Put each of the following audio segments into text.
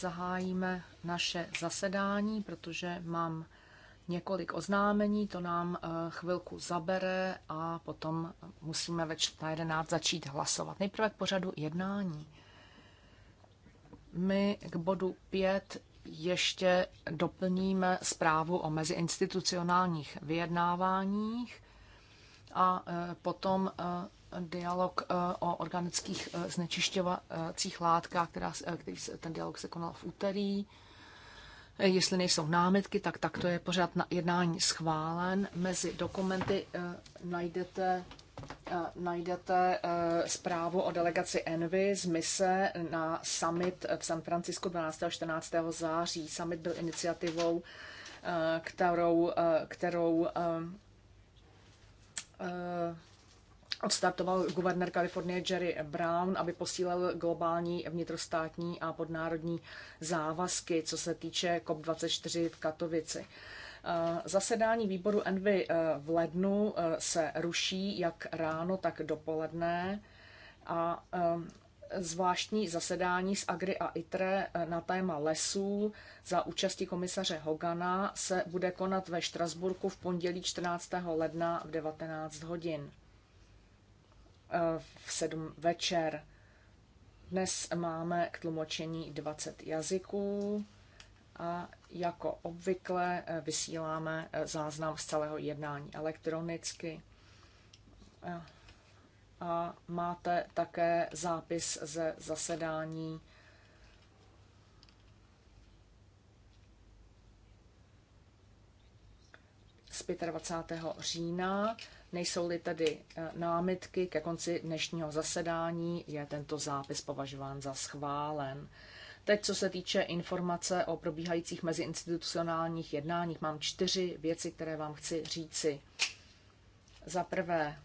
zahájíme naše zasedání, protože mám několik oznámení, to nám eh, chvilku zabere a potom musíme ve na 11 začít hlasovat. Nejprve k pořadu jednání. My k bodu 5 ještě doplníme zprávu o meziinstitucionálních vyjednáváních a eh, potom eh, dialog eh, o organických eh, znečišťovacích látkách, která, eh, který, ten dialog se konal v úterý. Jestli nejsou námitky, tak tak to je pořád na jednání schválen. Mezi dokumenty najdete najdete zprávu o delegaci Envy z mise na summit v San Francisco 12. a 14. září. Summit byl iniciativou, kterou, kterou odstartoval guvernér Kalifornie Jerry Brown, aby posílil globální vnitrostátní a podnárodní závazky, co se týče COP24 v Katovici. Eh, zasedání výboru Envy eh, v lednu eh, se ruší jak ráno, tak dopoledne a zvláštní zasedání s Agri a ITRE na téma lesů za účasti komisaře Hogana se bude konat ve Štrasburku v pondělí 14. ledna v 19 hodin. Eh, v 7 večer. Dnes máme k tlumočení 20 jazyků a jako obvykle eh, vysíláme eh, záznam z celého jednání elektronicky. A máte také zápis ze zasedání z 25. října. Nejsou-li tedy eh, námitky ke konci dnešního zasedání, je tento zápis považován za schválen. Teď, co se týče informace o probíhajících meziinstitucionálních jednáních, mám čtyři věci, které vám chci říci. Za prvé,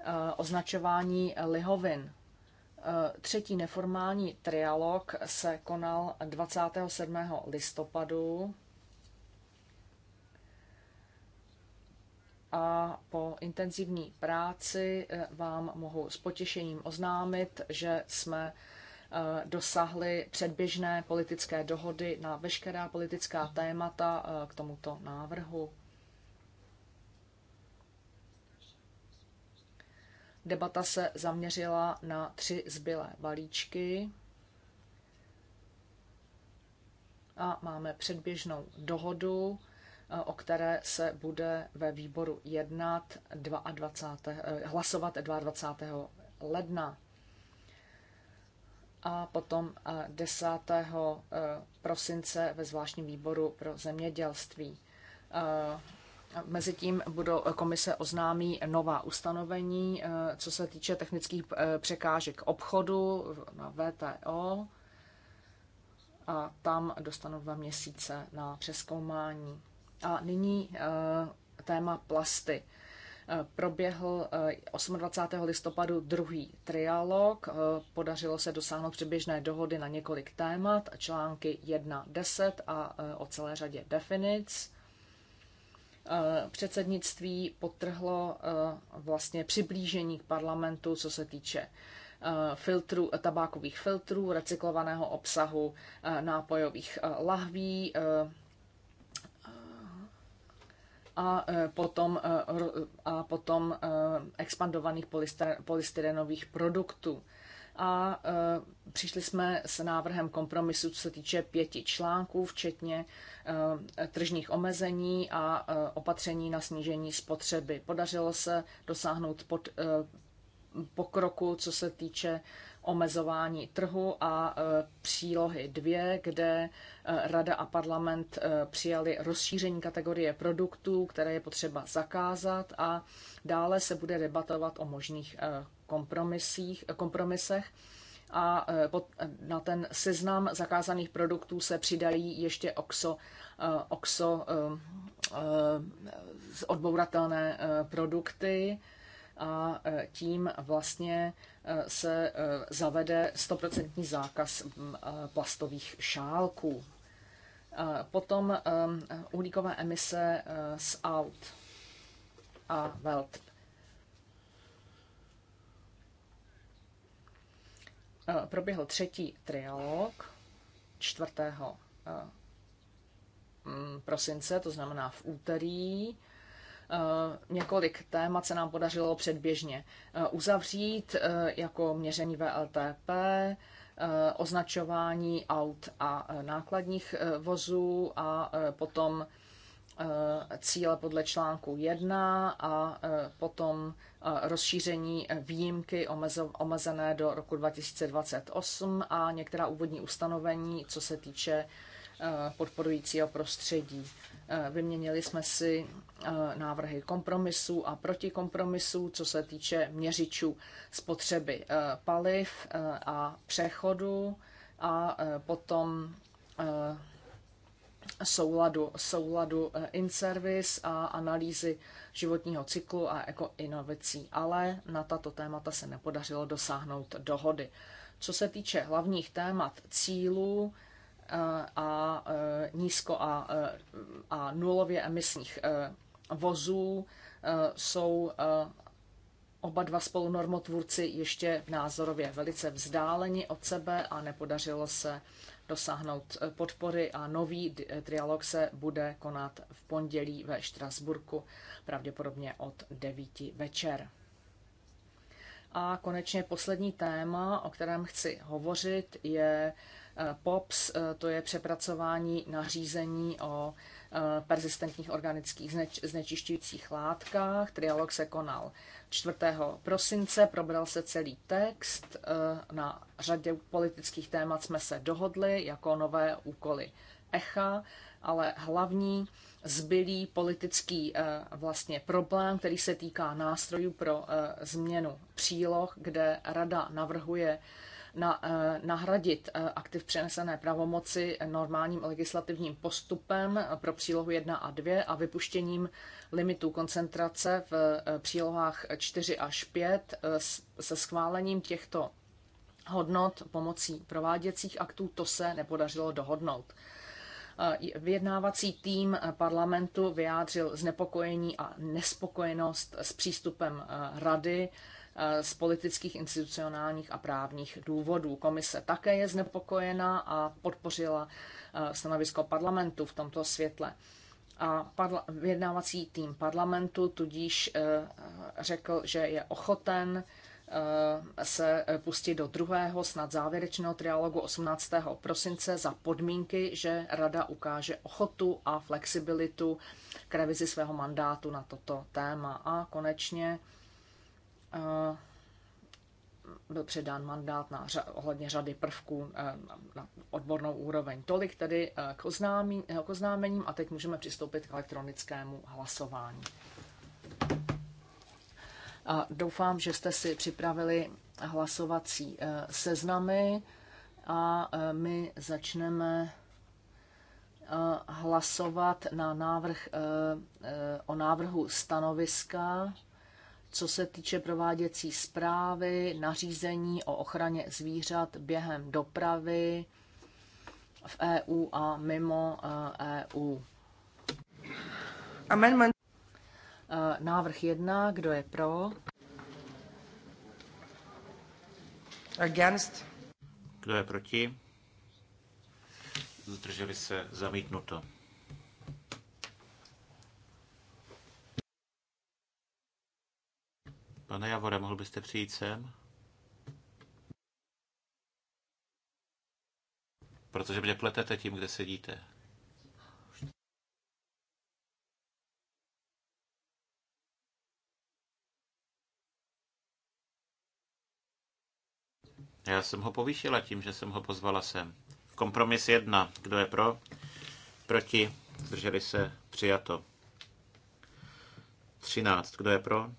eh, označování lihovin. Eh, třetí neformální trialog se konal 27. listopadu a po intenzivní práci eh, vám mohu s potěšením oznámit, že jsme eh, dosahli předběžné politické dohody na veškerá politická témata eh, k tomuto návrhu. Debata se zaměřila na tři zbylé balíčky a máme předběžnou dohodu o které se bude ve výboru jednat 22, eh, hlasovat 22. ledna. A potom 10. Eh, eh, prosince ve zvláštním výboru pro zemědělství. Mezitím budou komise oznámí nová ustanovení, co se týče technických překážek obchodu na VTO. A tam dostanou dva měsíce na přeskoumání. A nyní eh, téma plasty. Eh, proběhl 28. Eh, listopadu druhý trialog. Podařilo se dosáhnout přibližné dohody na několik témat, články 10 a o celé řadě definic. Předsednictví potrhlo vlastně přiblížení k parlamentu, co se týče filtru, tabákových filtrů, recyklovaného obsahu nápojových lahví, E, e, a potom, a e, potom expandovaných polystyrenových produktů. A přišli jsme s návrhem kompromisu, co se týče pěti článků, včetně tržních omezení a opatření na snížení spotřeby. Podařilo se dosáhnout pod pokroku, co se týče omezování trhu a e, přílohy 2, kde e, Rada a parlament e, přijali rozšíření kategorie produktů, které je potřeba zakázat a dále se bude debatovat o možných kompromisích, kompromisech a na ten seznam zakázaných produktů se přidají ještě oxo, oxo odbouratelné produkty a e, tím vlastně e, se e, zavede 100% zákaz plastových šálků. Potom uhlíkové emise z aut a VELT. Proběhl třetí trialog 4. prosince, to znamená v úterý Eh, několik témat se nám podařilo předběžně eh, uzavřít, eh, jako měření VLTP, označování aut a nákladních vozů a potom cíle podle článku 1 a potom rozšíření výjimky omezené do roku 2028 a některá úvodní ustanovení, co se týče Eh, podporujícího prostředí. Eh, vyměnili jsme si eh, návrhy kompromisů a protikompromisů, co se týče měřičů spotřeby paliv a přechodu a potom souladu, souladu in-service a analýzy životního cyklu a ekoinovací, ale na tato témata se nepodařilo dosáhnout dohody. Co se týče hlavních témat cílů, a e, nízko a, e, a nulově emisních e, vozů jsou oba dva spolunormotvůrci ještě názorově velice vzdáleni od sebe a nepodařilo se dosáhnout podpory a nový trialog se bude konat v pondělí ve Štrasburku, pravděpodobně od 9 večer. A konečně poslední téma, o kterém chci hovořit, je POPS, eh, to je přepracování nařízení o eh, persistentních organických znečišťujících látkách. Trialog se konal 4. prosince, probral se celý text. Eh, na řadě politických témat jsme se dohodli jako nové úkoly ECHA, ale hlavní zbylý politický vlastně problém, který se týká nástrojů pro změnu příloh, kde rada navrhuje na, eh, nahradit eh, aktiv přenesené pravomoci normálním legislativním postupem eh, pro přílohu 1 a 2 a vypuštěním limitů koncentrace v přílohách 4 až 5 se schválením těchto hodnot pomocí prováděcích aktů, to se nepodařilo dohodnout. Vyjednávací tým parlamentu vyjádřil znepokojení a nespokojenost s přístupem rady Eh, z politických, institucionálních a právních důvodů. Komise také je znepokojená a podpořila eh, stanovisko parlamentu v tomto světle. A parla- vyjednávací tým parlamentu tudíž eh, řekl, že je ochoten se pustit do druhého, snad závěrečného trialogu 18. prosince za podmínky, že Rada ukáže ochotu a flexibilitu k revizi svého mandátu na toto téma. A konečně Eh, byl předán mandát na řa- ohledně řady prvků eh, na odbornou úroveň. Tolik tedy eh, k, oznámí, k oznámením a teď můžeme přistoupit k elektronickému hlasování. A doufám, že jste si připravili hlasovací seznamy a my začneme hlasovat na návrh, o návrhu stanoviska co se týče prováděcí zprávy, nařízení o ochraně zvířat během dopravy v EU a mimo EU. Eh, e Amendment. Eh, návrh 1, kdo je pro? Against. Kdo je proti? Zdrželi se zamítnuto. Pane Javore, mohl byste přijít sem? Protože mě pletete tím, kde sedíte. Já jsem ho povýšila tím, že jsem ho pozvala sem. Kompromis jedna. Kdo je pro? Proti? Zdrželi se? Přijato. 13. Kdo je pro?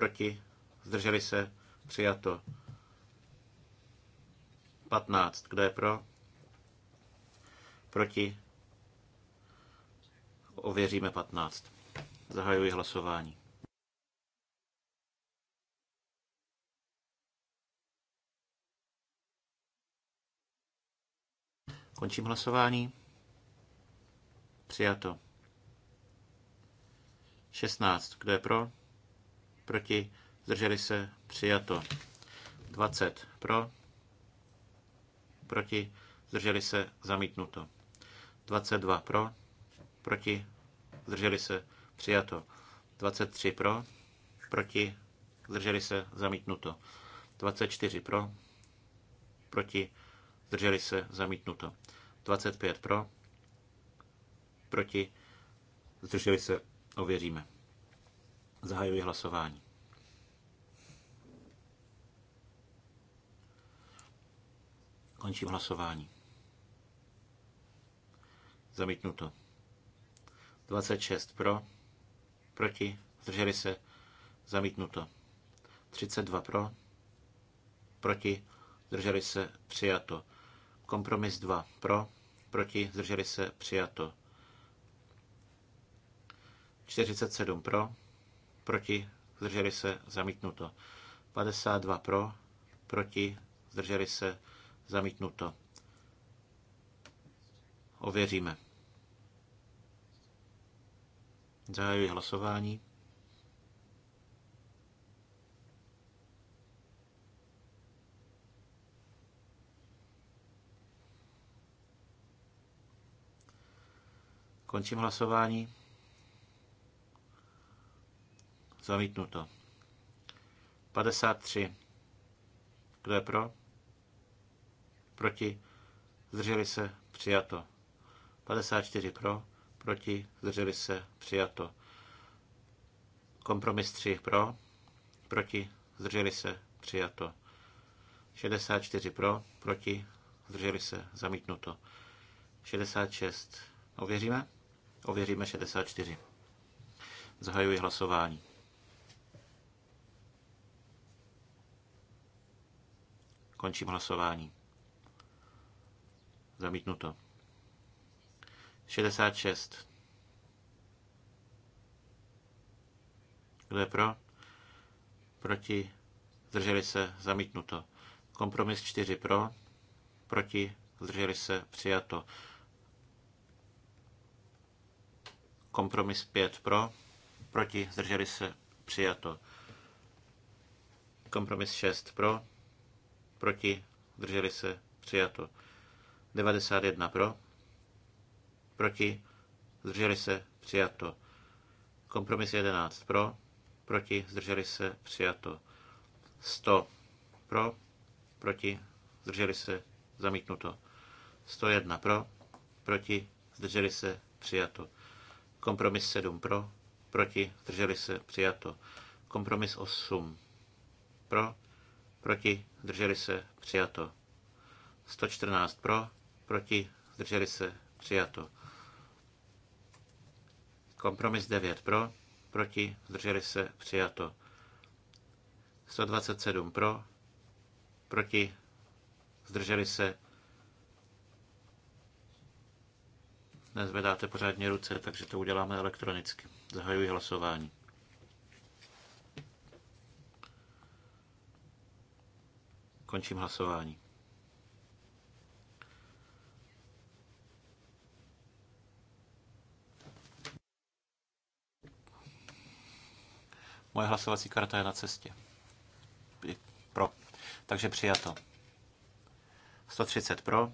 proti, zdrželi se, přijato. 15, kdo je pro, proti, ověříme 15. Zahajuji hlasování. Končím hlasování. Přijato. 16. Kdo je pro? proti, zdrželi se, přijato. 20 pro, proti, zdrželi se, zamítnuto. 22 pro, proti, zdrželi se, přijato. 23 pro, proti, zdrželi se, zamítnuto. 24 pro, proti, zdrželi se, zamítnuto. 25 pro, proti, zdrželi se, ověříme. Zahajuji hlasování. Končím hlasování. Zamítnuto. 26 pro, proti, zdrželi se, zamítnuto. 32 pro, proti, zdrželi se, přijato. Kompromis 2 pro, proti, zdrželi se, přijato. 47 pro, proti, zdrželi se, zamítnuto. 52 pro, proti, zdrželi se, zamítnuto. Ověříme. Zahajuji hlasování. Končím hlasování. Zamítnuto. 53. Kdo je pro? Proti? Zdrželi se? Přijato. 54 pro? Proti? Zdrželi se? Přijato. Kompromis 3 pro? Proti? Zdrželi se? Přijato. 64 pro? Proti? Zdrželi se? Zamítnuto. 66. Ověříme? Ověříme 64. Zahajuji hlasování. Končím hlasování. Zamítnuto. 66. Kdo je pro? Proti? Zdrželi se? Zamítnuto. Kompromis 4 pro? Proti? Zdrželi se? Přijato. Kompromis 5 pro? Proti? Zdrželi se? Přijato. Kompromis 6 pro? proti, drželi se, přijato. 91 pro, proti, zdrželi se, přijato. Kompromis 11 pro, proti, zdrželi se, přijato. 100 pro, proti, zdrželi se, zamítnuto. 101 pro, proti, zdrželi se, přijato. Kompromis 7 pro, proti, zdrželi se, přijato. Kompromis 8 pro, proti, zdrželi se, přijato. 114 pro, proti, zdrželi se, přijato. Kompromis 9 pro, proti, zdrželi se, přijato. 127 pro, proti, zdrželi se. Nezvedáte pořádně ruce, takže to uděláme elektronicky. Zahajuji hlasování. Končím hlasování. Moje hlasovací karta je na cestě. Pro. Takže přijato. 130 pro,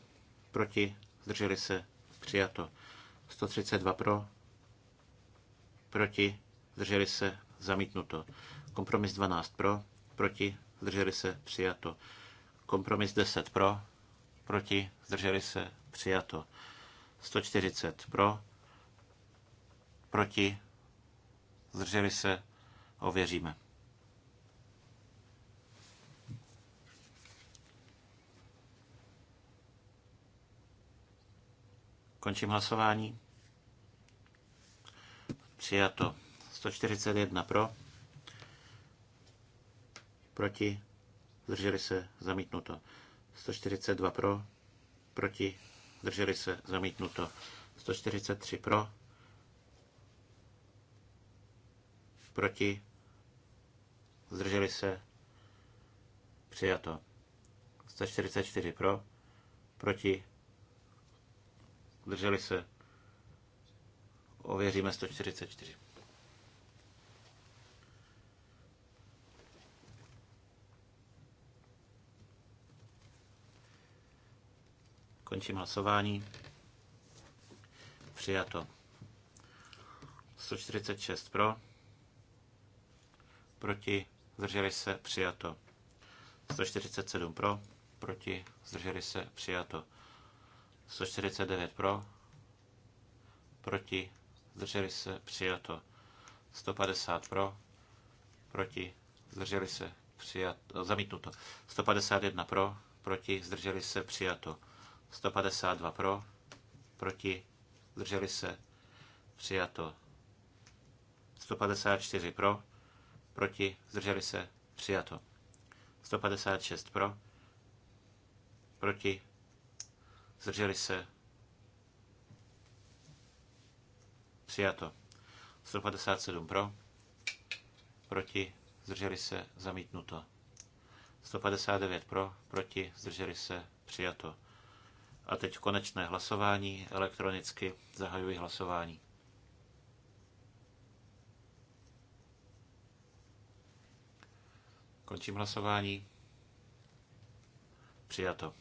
proti, zdrželi se, přijato. 132 pro, proti, zdrželi se, zamítnuto. Kompromis 12 pro, proti, zdrželi se, přijato. Kompromis 10 pro, proti, zdrželi se, přijato. 140 pro, proti, zdrželi se, ověříme. Končím hlasování. Přijato. 141 pro. Proti zdrželi se, zamítnuto. 142 pro, proti, zdrželi se, zamítnuto. 143 pro, proti, zdrželi se, přijato. 144 pro, proti, zdrželi se, ověříme 144. Končím hlasování. Přijato. 146 pro. Proti. Zdrželi se. Přijato. 147 pro. Proti. Zdrželi se. Přijato. 149 pro. Proti. Zdrželi se. Přijato. 150 pro. Proti. Zdrželi se. Přijato. Zamítnuto. 151 pro. Proti. Zdrželi se. Přijato. 152 pro, proti, zdrželi se, přijato. 154 pro, proti, zdrželi se, přijato. 156 pro, proti, zdrželi se, přijato. 157 pro, proti, zdrželi se, zamítnuto. 159 pro, proti, zdrželi se, přijato. A teď konečné hlasování elektronicky. Zahajuji hlasování. Končím hlasování. Přijato.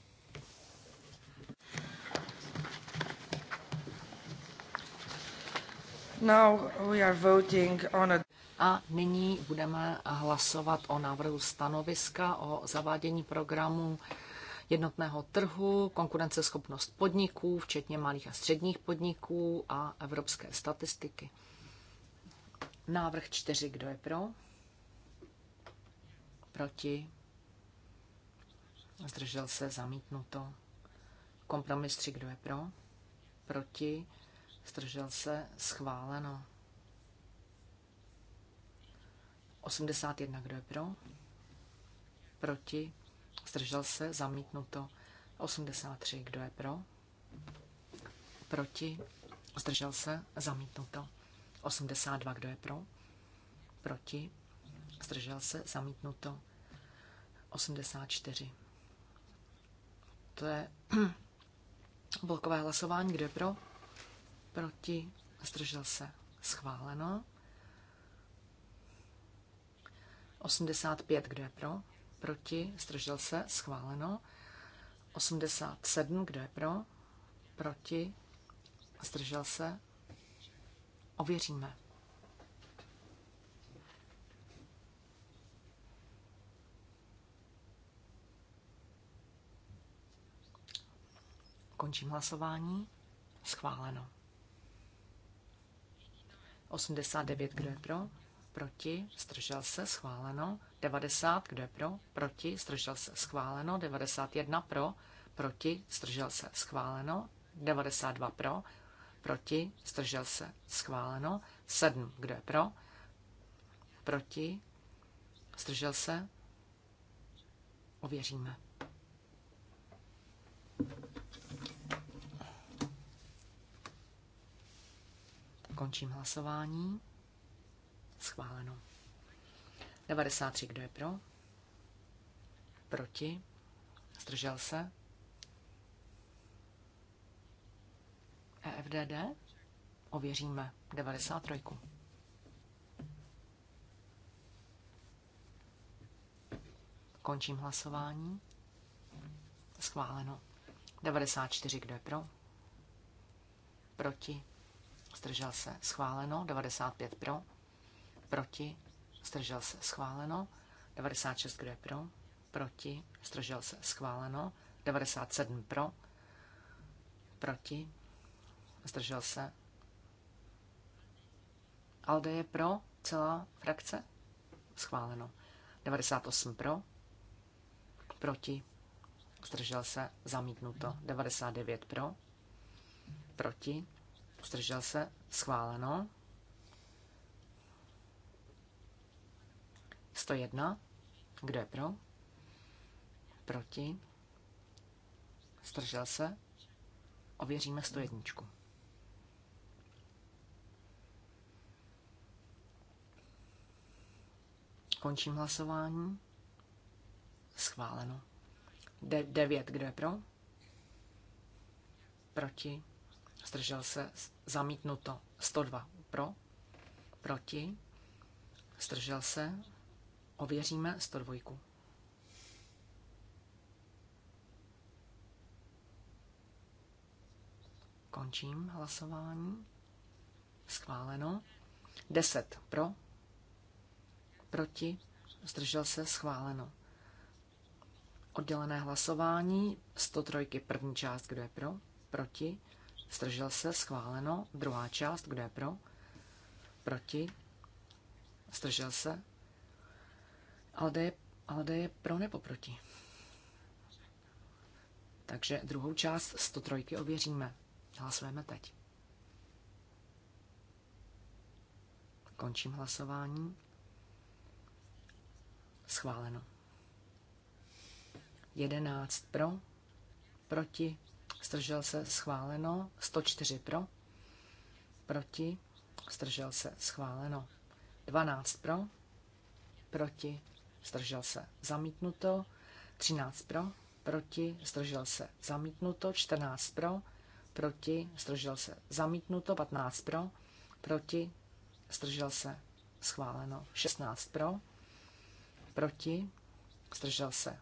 Now we are voting on a... a nyní budeme hlasovat o návrhu stanoviska o zavádění programu jednotného trhu, konkurenceschopnost podniků, včetně malých a středních podniků a evropské statistiky. Návrh 4. Kdo je pro? Proti? Zdržel se zamítnuto. Kompromis 3. Kdo je pro? Proti? Zdržel se schváleno. 81. Kdo je pro? Proti? zdržel se, zamítnuto. 83, kdo je pro, proti, zdržel se, zamítnuto. 82, kdo je pro, proti, zdržel se, zamítnuto. 84. To je blokové hlasování, kdo je pro, proti, zdržel se, schváleno. 85, kdo je pro, proti, zdržel se, schváleno. 87, kdo je pro, proti, zdržel se, ověříme. Končím hlasování. Schváleno. 89, kdo je pro? proti, zdržel se, schváleno. 90, kdo je pro, proti, zdržel se, schváleno. 91 pro, proti, zdržel se, schváleno. 92 pro, proti, zdržel se, schváleno. 7, kdo je pro, proti, zdržel se, ověříme. Končím hlasování. Schváleno. 93, kdo je pro? Proti? Zdržel se? EFDD? Ověříme 93. Končím hlasování. Schváleno. 94, kdo je pro? Proti? Zdržel se. Schváleno. 95 pro proti, zdržel se, schváleno. 96, kdo je pro, proti, zdržel se, schváleno. 97 pro, proti, zdržel se. Alde je pro, celá frakce, schváleno. 98 pro, proti, zdržel se, zamítnuto. 99 pro, proti, zdržel se, schváleno. 101. Kdo je pro? Proti? Stržel se? Ověříme 101. Končím hlasování. Schváleno. De- 9. Kdo je pro? Proti? Stržel se? Zamítnuto. 102. Pro? Proti? Stržel se? Ověříme 102. Končím hlasování. Schváleno. 10 pro, proti, zdržel se, schváleno. Oddělené hlasování, 103 první část, kdo je pro, proti, zdržel se, schváleno. Druhá část, kdo je pro, proti, zdržel se, Alde je, Alde je pro nebo proti. Takže druhou část 103 ověříme. Hlasujeme teď. Končím hlasování. Schváleno. 11 pro, proti, stržel se, schváleno. 104 pro, proti, stržel se, schváleno. 12 pro, proti, zdržel se, zamítnuto. 13 pro, proti, zdržel se, zamítnuto. 14 pro, proti, zdržel se, zamítnuto. 15 pro, proti, zdržel se, schváleno. 16 pro, proti, zdržel se.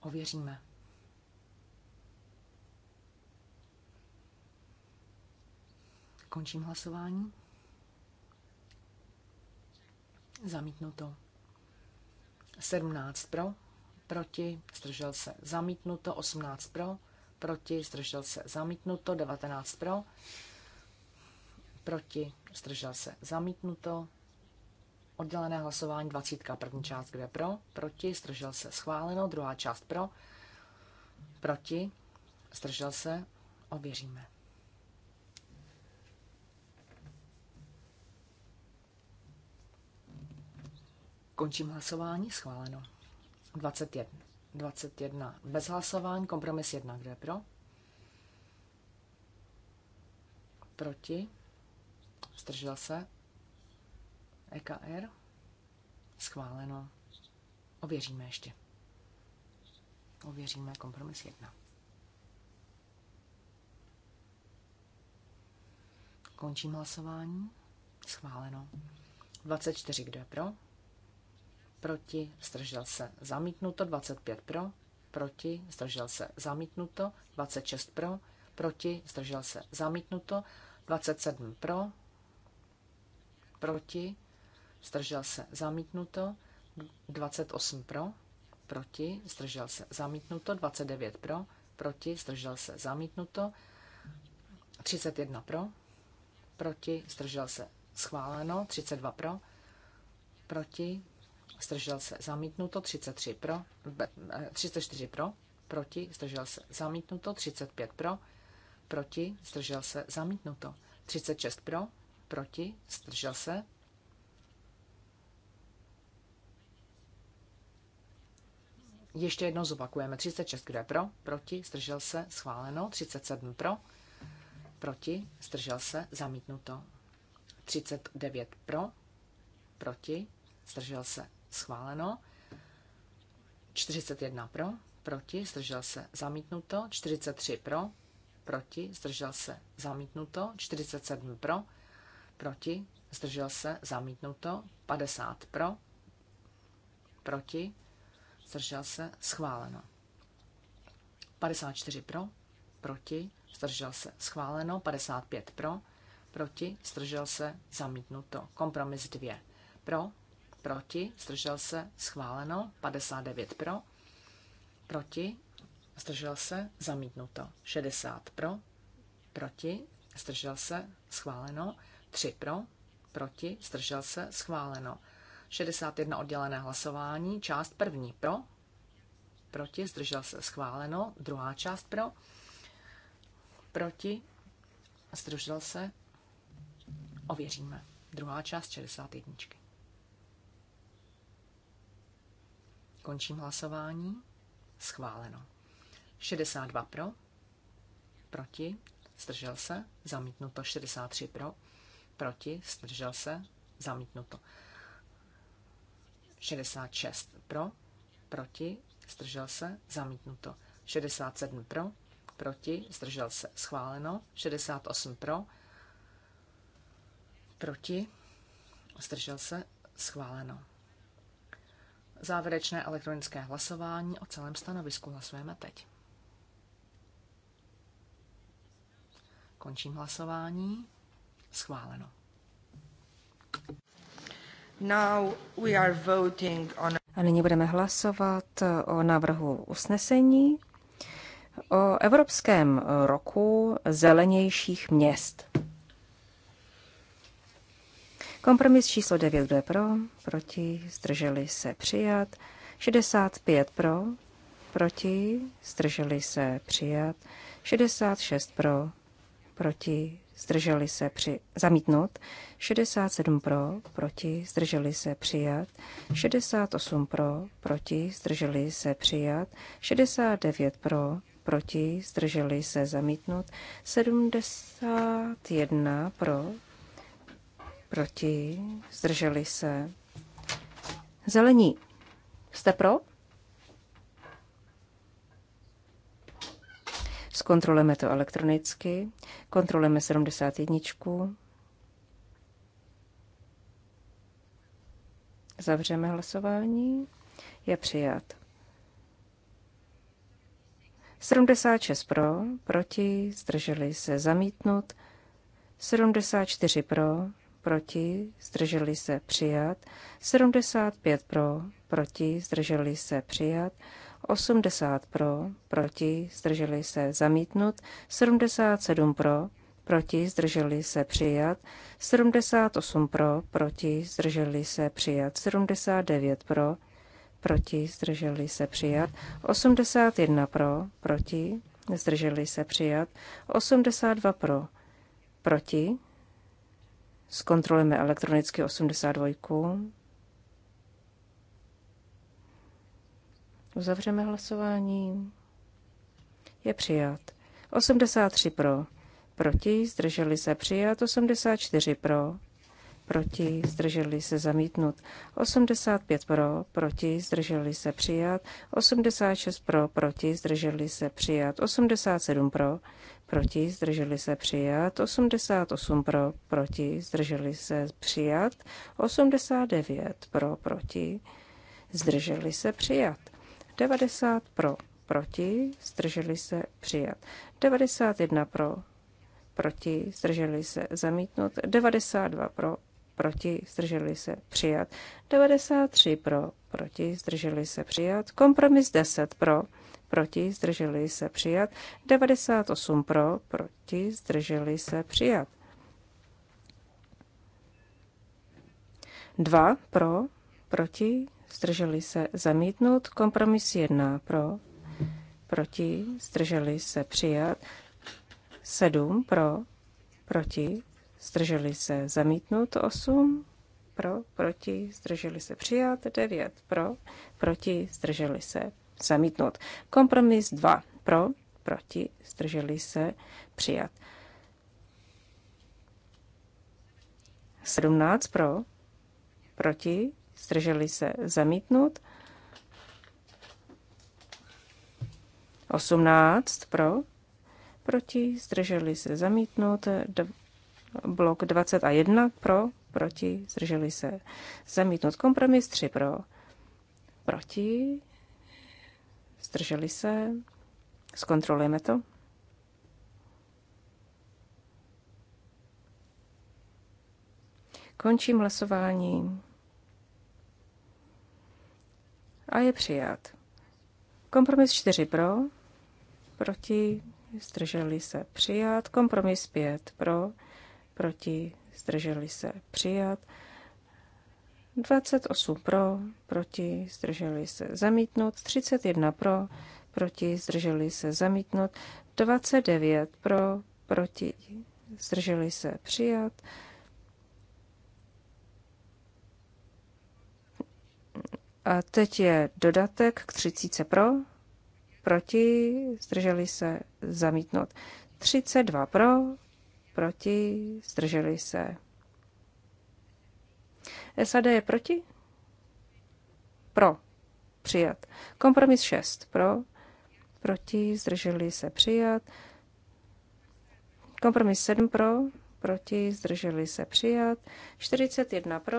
Ověříme. Končím hlasování. Zamítnuto. 17 pro, proti, zdržel se. Zamítnuto. 18 pro, proti, zdržel se. Zamítnuto. 19 pro, proti, zdržel se. Zamítnuto. Oddělené hlasování 20. První část, kde pro, proti, zdržel se. Schváleno. Druhá část pro, proti, zdržel se. Ověříme. Končím hlasování, schváleno. 21. 21. Bez hlasování, kompromis 1. Kdo je pro? Proti? Zdržel se? EKR? Schváleno. Ověříme ještě. Ověříme kompromis 1. Končím hlasování. Schváleno. 24. Kdo je pro? proti, zdržel se, zamítnuto, 25 pro, proti, zdržel se, zamítnuto, 26 pro, proti, zdržel se, zamítnuto, 27 pro, proti, zdržel se, zamítnuto, 28 pro, proti, zdržel se, zamítnuto, 29 pro, proti, zdržel se, zamítnuto, 31 pro, proti, zdržel se, schváleno, 32 pro, proti, zdržel se, zamítnuto, 33 pro, 34 eh, pro, proti, zdržel se, zamítnuto, 35 pro, proti, zdržel se, zamítnuto, 36 pro, proti, zdržel se, Ještě jednou zopakujeme. 36, kdo je pro? Proti, zdržel se, schváleno. 37 pro, proti, zdržel se, zamítnuto. 39 pro, proti, zdržel se, schváleno. 41 pro, proti, zdržel se, zamítnuto. 43 pro, proti, zdržel se, zamítnuto. 47 pro, proti, zdržel se, zamítnuto. 50 pro, proti, zdržel se, schváleno. 54 pro, proti, zdržel se, schváleno. 55 pro, proti, zdržel se, zamítnuto. Kompromis 2 pro, proti, zdržel se, schváleno, 59 pro, proti, zdržel se, zamítnuto, 60 pro, proti, zdržel se, schváleno, 3 pro, proti, zdržel se, schváleno, 61 oddělené hlasování, část první pro, proti, zdržel se, schváleno, druhá část pro, proti, zdržel se, ověříme. Druhá část 61. Končím hlasování. Schváleno. 62 pro, proti, zdržel se, zamítnuto. 63 pro, proti, zdržel se, zamítnuto. 66 pro, proti, zdržel se, zamítnuto. 67 pro, proti, zdržel se, schváleno. 68 pro, proti, zdržel se, schváleno. Závěrečné elektronické hlasování o celém stanovisku hlasujeme teď. Končím hlasování. Schváleno. Now we are voting on... A nyní budeme hlasovat o návrhu usnesení o Evropském roku zelenějších měst. Kompromis číslo 9, kdo je pro, proti, zdrželi se přijat. 65 pro, proti, zdrželi se přijat. 66 pro, proti, zdrželi se při zamítnout, 67 pro, proti, zdrželi se přijat, 68 pro, proti, zdrželi se přijat, 69 pro, proti, zdrželi se zamítnout, 71 pro, Proti? Zdrželi se? Zelení. Jste pro? Zkontrolujeme to elektronicky. Kontrolujeme 71. Zavřeme hlasování. Je přijat. 76 pro, proti, zdrželi se zamítnut. 74 pro, proti, zdrželi se přijat, 75 pro, proti, zdrželi se přijat, 80 pro, proti, zdrželi se zamítnut, 77 pro, proti, zdrželi se přijat, 78 pro, proti, zdrželi se přijat, 79 pro, proti, zdrželi se přijat, 81 pro, proti, zdrželi se přijat, 82 pro, proti, Zkontrolujeme elektronicky 82. Uzavřeme hlasování. Je přijat. 83 pro. Proti zdrželi se přijat. 84 pro proti, zdrželi se zamítnut. 85 pro, proti, zdrželi se přijat. 86 pro, proti, zdrželi se přijat. 87 pro, proti, zdrželi se přijat. 88 pro, proti, zdrželi se přijat. 89 pro, proti, zdrželi se přijat. 90 pro, proti, zdrželi se přijat. 91 pro, proti, zdrželi se zamítnut, 92 pro, proti, zdrželi se přijat. 93 pro, proti, zdrželi se přijat. Kompromis 10 pro, proti, zdrželi se přijat. 98 pro, proti, zdrželi se přijat. 2 pro, proti, zdrželi se zamítnout. Kompromis 1 pro, proti, zdrželi se přijat. 7 pro, proti, zdrželi se zamítnout 8, pro, proti, zdrželi se přijat 9, pro, proti, zdrželi se zamítnout. Kompromis 2, pro, proti, zdrželi se přijat. 17 pro, proti, zdrželi se zamítnout. 18 pro, proti, zdrželi se zamítnout, blok 20 a 1 pro, proti, zdrželi se. Zamítnout kompromis 3 pro, proti, zdrželi se. Zkontrolujeme to. Končím hlasování. A je přijat. Kompromis 4 pro, proti, zdrželi se přijat. Kompromis 5 pro, proti, zdrželi se přijat. 28 pro, proti, zdrželi se zamítnout. 31 pro, proti, zdrželi se zamítnout. 29 pro, proti, zdrželi se přijat. 30. A teď je dodatek k 30 pro, proti, zdrželi se zamítnout. 32 pro, Proti? Zdrželi se. SAD je proti? Pro. Přijat. Kompromis 6. Pro. Proti? Zdrželi se. Přijat. Kompromis 7 pro, proti, zdrželi se přijat. 41 pro,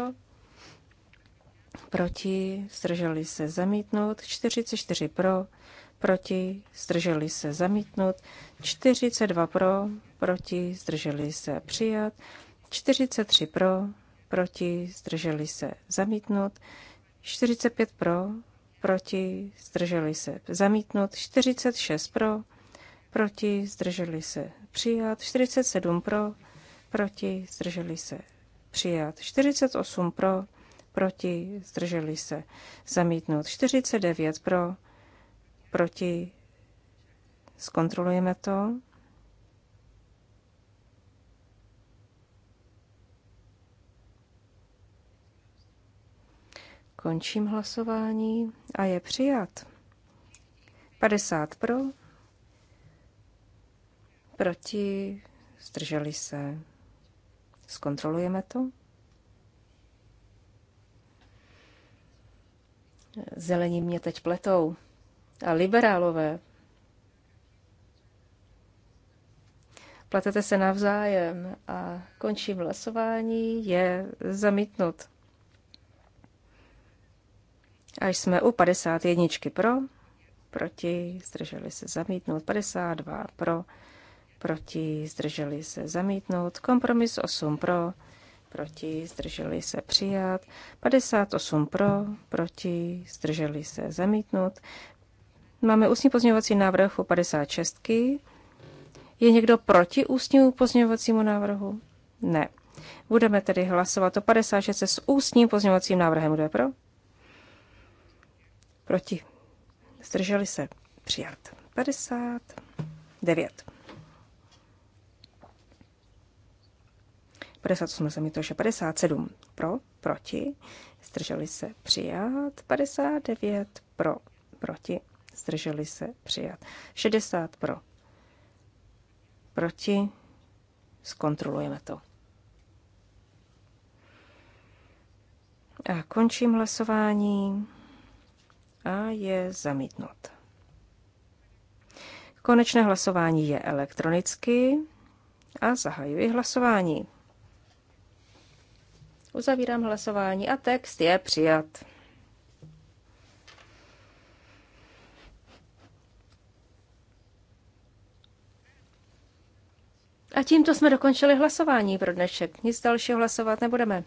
proti, zdrželi se zamítnout. 44 pro, proti, zdrželi se zamítnut, 42 pro, proti, zdrželi se přijat, 43 pro, proti, zdrželi se zamítnut, 45 pro, proti, zdrželi se zamítnut, 46 pro, proti, zdrželi se přijat, 47 pro, proti, zdrželi se přijat, 48 pro, proti, zdrželi se zamítnut, 49 pro, proti, zkontrolujeme to. Končím hlasování a je přijat. 50 pro, proti, zdrželi se. Zkontrolujeme to. Zelení mě teď pletou a liberálové. Platete se navzájem a končím hlasování, je zamítnut. A jsme u 51 pro, proti, zdrželi se zamítnout, 52 pro, proti, zdrželi se zamítnout, kompromis 8 pro, proti, zdrželi se přijat, 58 pro, proti, zdrželi se zamítnout, Máme ústní pozměňovací návrh u 56. Je někdo proti ústnímu pozměňovacímu návrhu? Ne. Budeme tedy hlasovat o 56 s ústním pozměňovacím návrhem. Kdo je pro? Proti. Zdrželi se. Přijat. 59. 58 to, že 57 pro, proti, zdrželi se přijat, 59 pro, proti, zdrželi se přijat. 60 pro, proti, zkontrolujeme to. A končím hlasování a je zamítnut. Konečné hlasování je elektronicky a zahajuji hlasování. Uzavírám hlasování a text je přijat. A tímto jsme dokončili hlasování pro dnešek. Nic dalšího hlasovat nebudeme.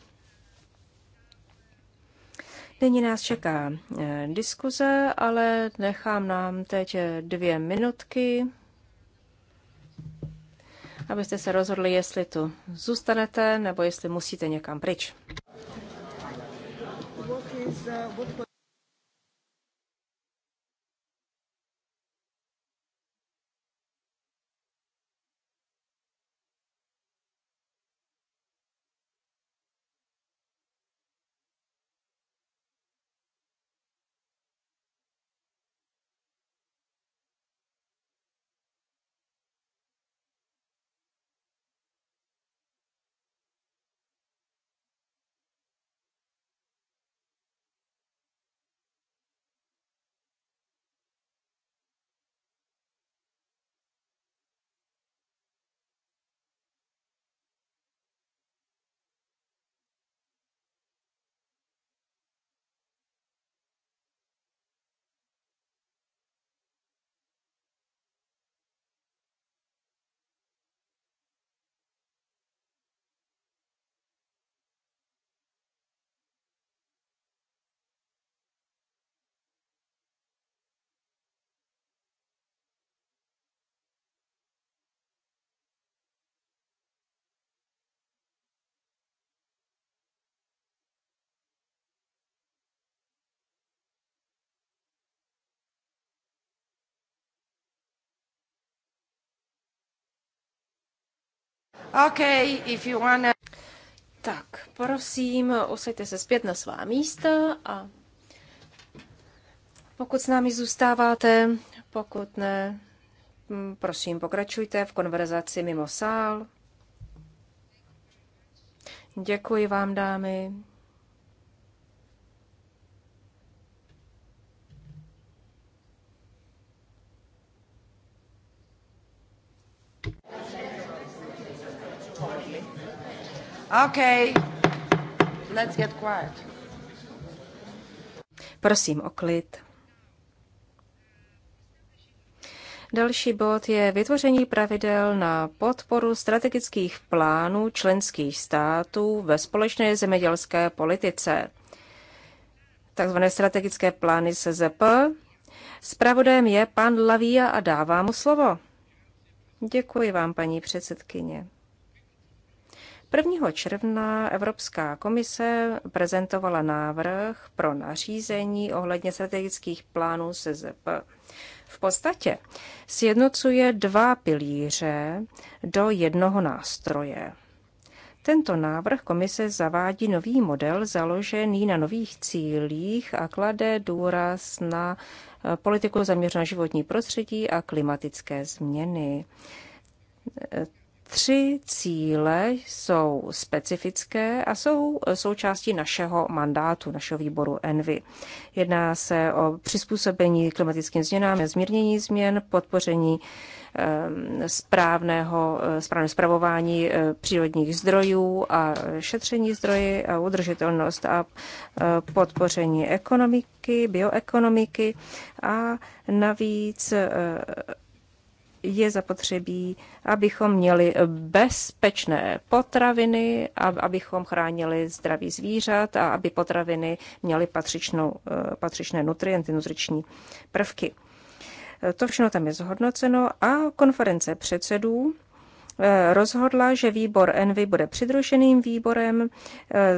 Nyní nás čeká eh, diskuze, ale nechám nám teď eh, dvě minutky, abyste se rozhodli, jestli tu zůstanete nebo jestli musíte někam pryč. Okay, if you wanna... Tak, prosím, usaďte se zpět na svá místa a pokud s námi zůstáváte, pokud ne, prosím, pokračujte v konverzaci mimo sál. Děkuji vám, dámy. Okay. Let's get quiet. Prosím o klid. Další bod je vytvoření pravidel na podporu strategických plánů členských států ve společné zemědělské politice. Takzvané strategické plány SZP. Spravodajem je pan Lavia a dává mu slovo. Děkuji vám, paní předsedkyně. 1. června Evropská komise prezentovala návrh pro nařízení ohledně strategických plánů SZP. V podstatě sjednocuje dva pilíře do jednoho nástroje. Tento návrh komise zavádí nový model založený na nových cílích a klade důraz na eh, politiku zaměřenou na životní prostředí a klimatické změny Tři cíle jsou specifické a jsou součástí našeho mandátu, našeho výboru ENVY. Jedná se o přizpůsobení klimatickým změnám, zmírnění změn, podpoření eh, správného, eh, správného zpravování eh, přírodních zdrojů a šetření zdroji a udržitelnost a podpoření ekonomiky, bioekonomiky a navíc je zapotřebí, abychom měli bezpečné potraviny, abychom chránili zdraví zvířat a aby potraviny měly patřičnou, eh, patřičné nutrienty, nutriční prvky. Eh, to všechno tam je zhodnoceno a konference předsedů eh, rozhodla, že výbor Envy bude přidruženým výborem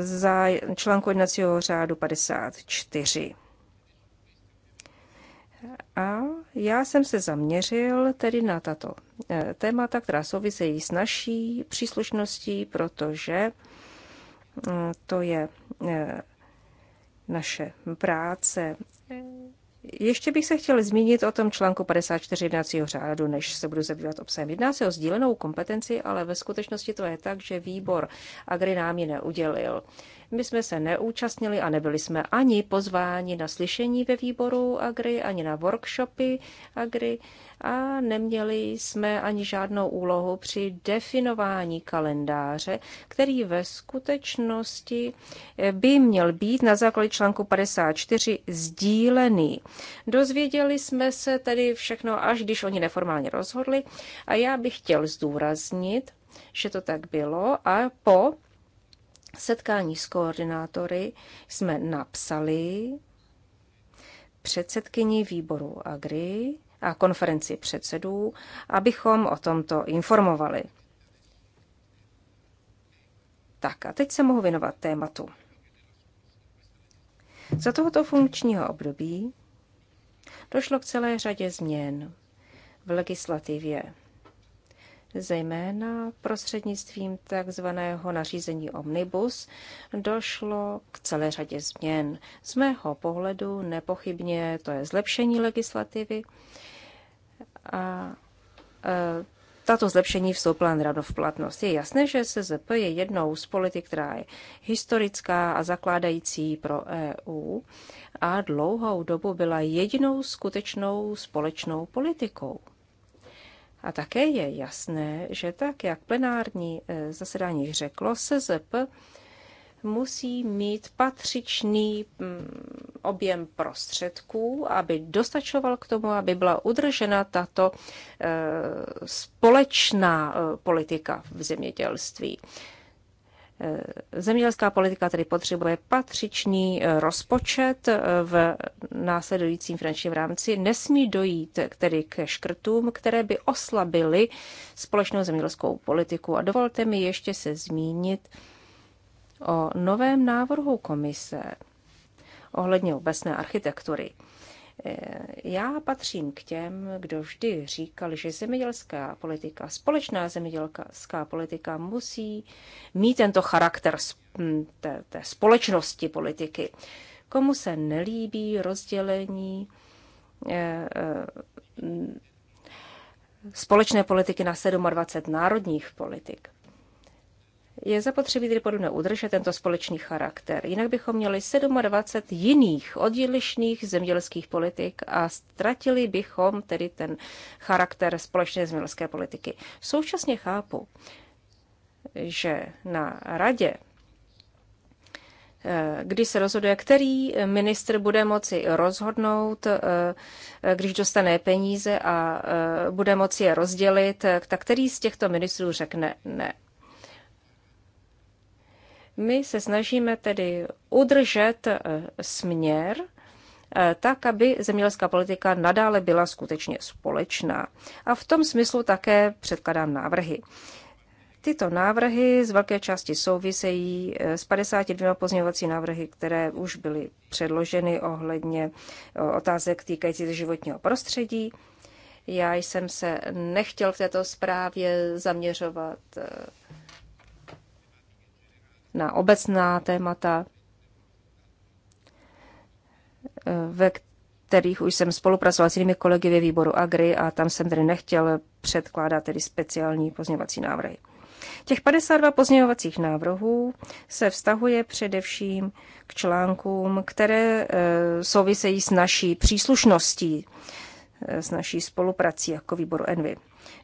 za článku jednacího řádu 54. A já jsem se zaměřil tedy na tato eh, témata, která souvisejí s naší příslušností, protože mm, to je eh, naše práce ještě bych se chtěl zmínit o tom článku 54 jednacího řádu, než se budu zabývat obsahem. Jedná se o sdílenou kompetenci, ale ve skutečnosti to je tak, že výbor Agri nám ji neudělil. My jsme se neúčastnili a nebyli jsme ani pozváni na slyšení ve výboru Agri, ani na workshopy Agri a neměli jsme ani žádnou úlohu při definování kalendáře, který ve skutečnosti eh, by měl být na základě článku 54 sdílený. Dozvěděli jsme se tedy všechno, až když oni neformálně rozhodli a já bych chtěl zdůraznit, že to tak bylo a po setkání s koordinátory jsme napsali předsedkyni výboru Agri, a konferenci předsedů, abychom o tomto informovali. Tak a teď se mohu věnovat tématu. Za tohoto funkčního období došlo k celé řadě změn v legislativě, zejména prostřednictvím takzvaného nařízení Omnibus, došlo k celé řadě změn. Z mého pohledu nepochybně to je zlepšení legislativy, a e, tato zlepšení vstoupila nedávno v platnost. Je jasné, že SZP je jednou z politik, která je historická a zakládající pro EU a dlouhou dobu byla jedinou skutečnou společnou politikou. A také je jasné, že tak, jak plenární e, zasedání řeklo, SZP musí mít patřičný mm, objem prostředků, aby dostačoval k tomu, aby byla udržena tato e, společná e, politika v zemědělství. E, zemědělská politika tedy potřebuje patřičný rozpočet v následujícím finančním rámci. Nesmí dojít tedy ke škrtům, které by oslabily společnou zemědělskou politiku. A dovolte mi ještě se zmínit o novém návrhu komise ohledně obecné architektury. Eh, já patřím k těm, kdo vždy říkal, že zemědělská politika, společná zemědělská politika musí mít tento charakter té, té společnosti politiky. Komu se nelíbí rozdělení eh, eh, společné politiky na 27 národních politik? Je zapotřebí tedy podle udržet tento společný charakter. Jinak bychom měli 27 jiných odlišných zemědělských politik a ztratili bychom tedy ten charakter společné zemědělské politiky. Současně chápu, že na radě eh, kdy se rozhoduje, který ministr bude moci rozhodnout, eh, když dostane peníze a eh, bude moci je rozdělit, tak který z těchto ministrů řekne ne. My se snažíme tedy udržet eh, směr, eh, tak, aby zemědělská politika nadále byla skutečně společná. A v tom smyslu také předkladám návrhy. Tyto návrhy z velké části souvisejí eh, s 52 pozměňovací návrhy, které už byly předloženy ohledně otázek týkající se životního prostředí. Já jsem se nechtěl v této zprávě zaměřovat na obecná témata, eh, ve kterých už jsem spolupracoval s jinými kolegy ve výboru Agri a tam jsem tedy nechtěl předkládat tedy speciální pozměňovací návrhy. Těch 52 pozměňovacích návrhů se vztahuje především k článkům, které eh, souvisejí s naší příslušností, eh, s naší spoluprací jako výboru Envy.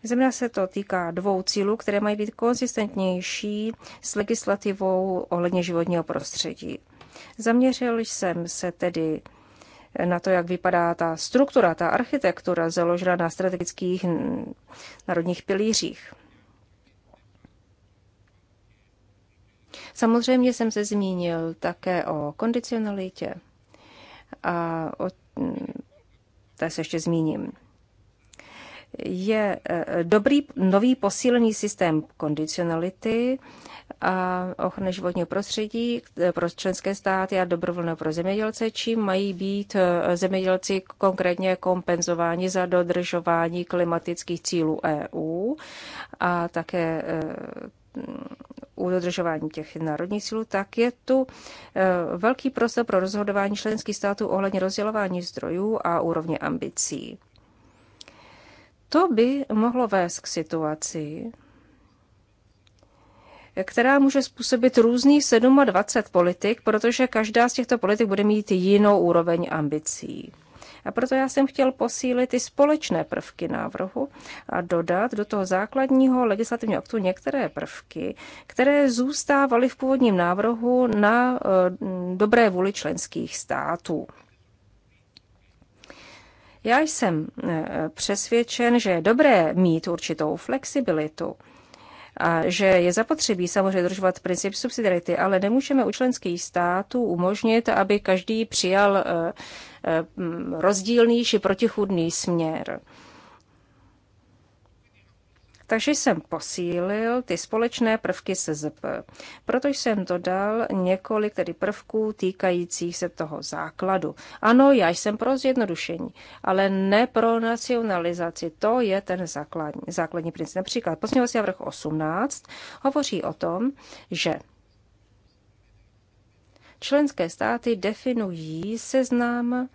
Zeměna se to týká dvou cílů, které mají být konzistentnější s legislativou ohledně životního prostředí. Zaměřil jsem se tedy na to, jak vypadá ta struktura, ta architektura založená na strategických národních pilířích. Samozřejmě jsem se zmínil také o kondicionalitě a o té se ještě zmíním je eh, dobrý nový posílený systém kondicionality a ochrany životního prostředí eh, pro členské státy a dobrovolné pro zemědělce, čím mají být eh, zemědělci konkrétně kompenzováni za dodržování klimatických cílů EU a také u dodržování těch národních cílů, tak je tu velký prostor pro rozhodování členských států ohledně rozdělování zdrojů a úrovně ambicí. To by mohlo vést k situaci, která může způsobit různý 27 politik, protože každá z těchto politik bude mít jinou úroveň ambicí. A proto já jsem chtěl posílit ty společné prvky návrhu a dodat do toho základního legislativního aktu některé prvky, které zůstávaly v původním návrhu na eh, dobré vůli členských států. Já jsem e, přesvědčen, že je dobré mít určitou flexibilitu a že je zapotřebí samozřejmě držovat princip subsidiarity, ale nemůžeme u členských států umožnit, aby každý přijal e, e, rozdílný či protichudný směr. Takže jsem posílil ty společné prvky SZP. Proto jsem dodal několik tedy prvků týkajících se toho základu. Ano, já jsem pro zjednodušení, ale ne pro nacionalizaci. To je ten základní, základní princip. Například pozměňovací návrh 18 hovoří o tom, že členské státy definují seznam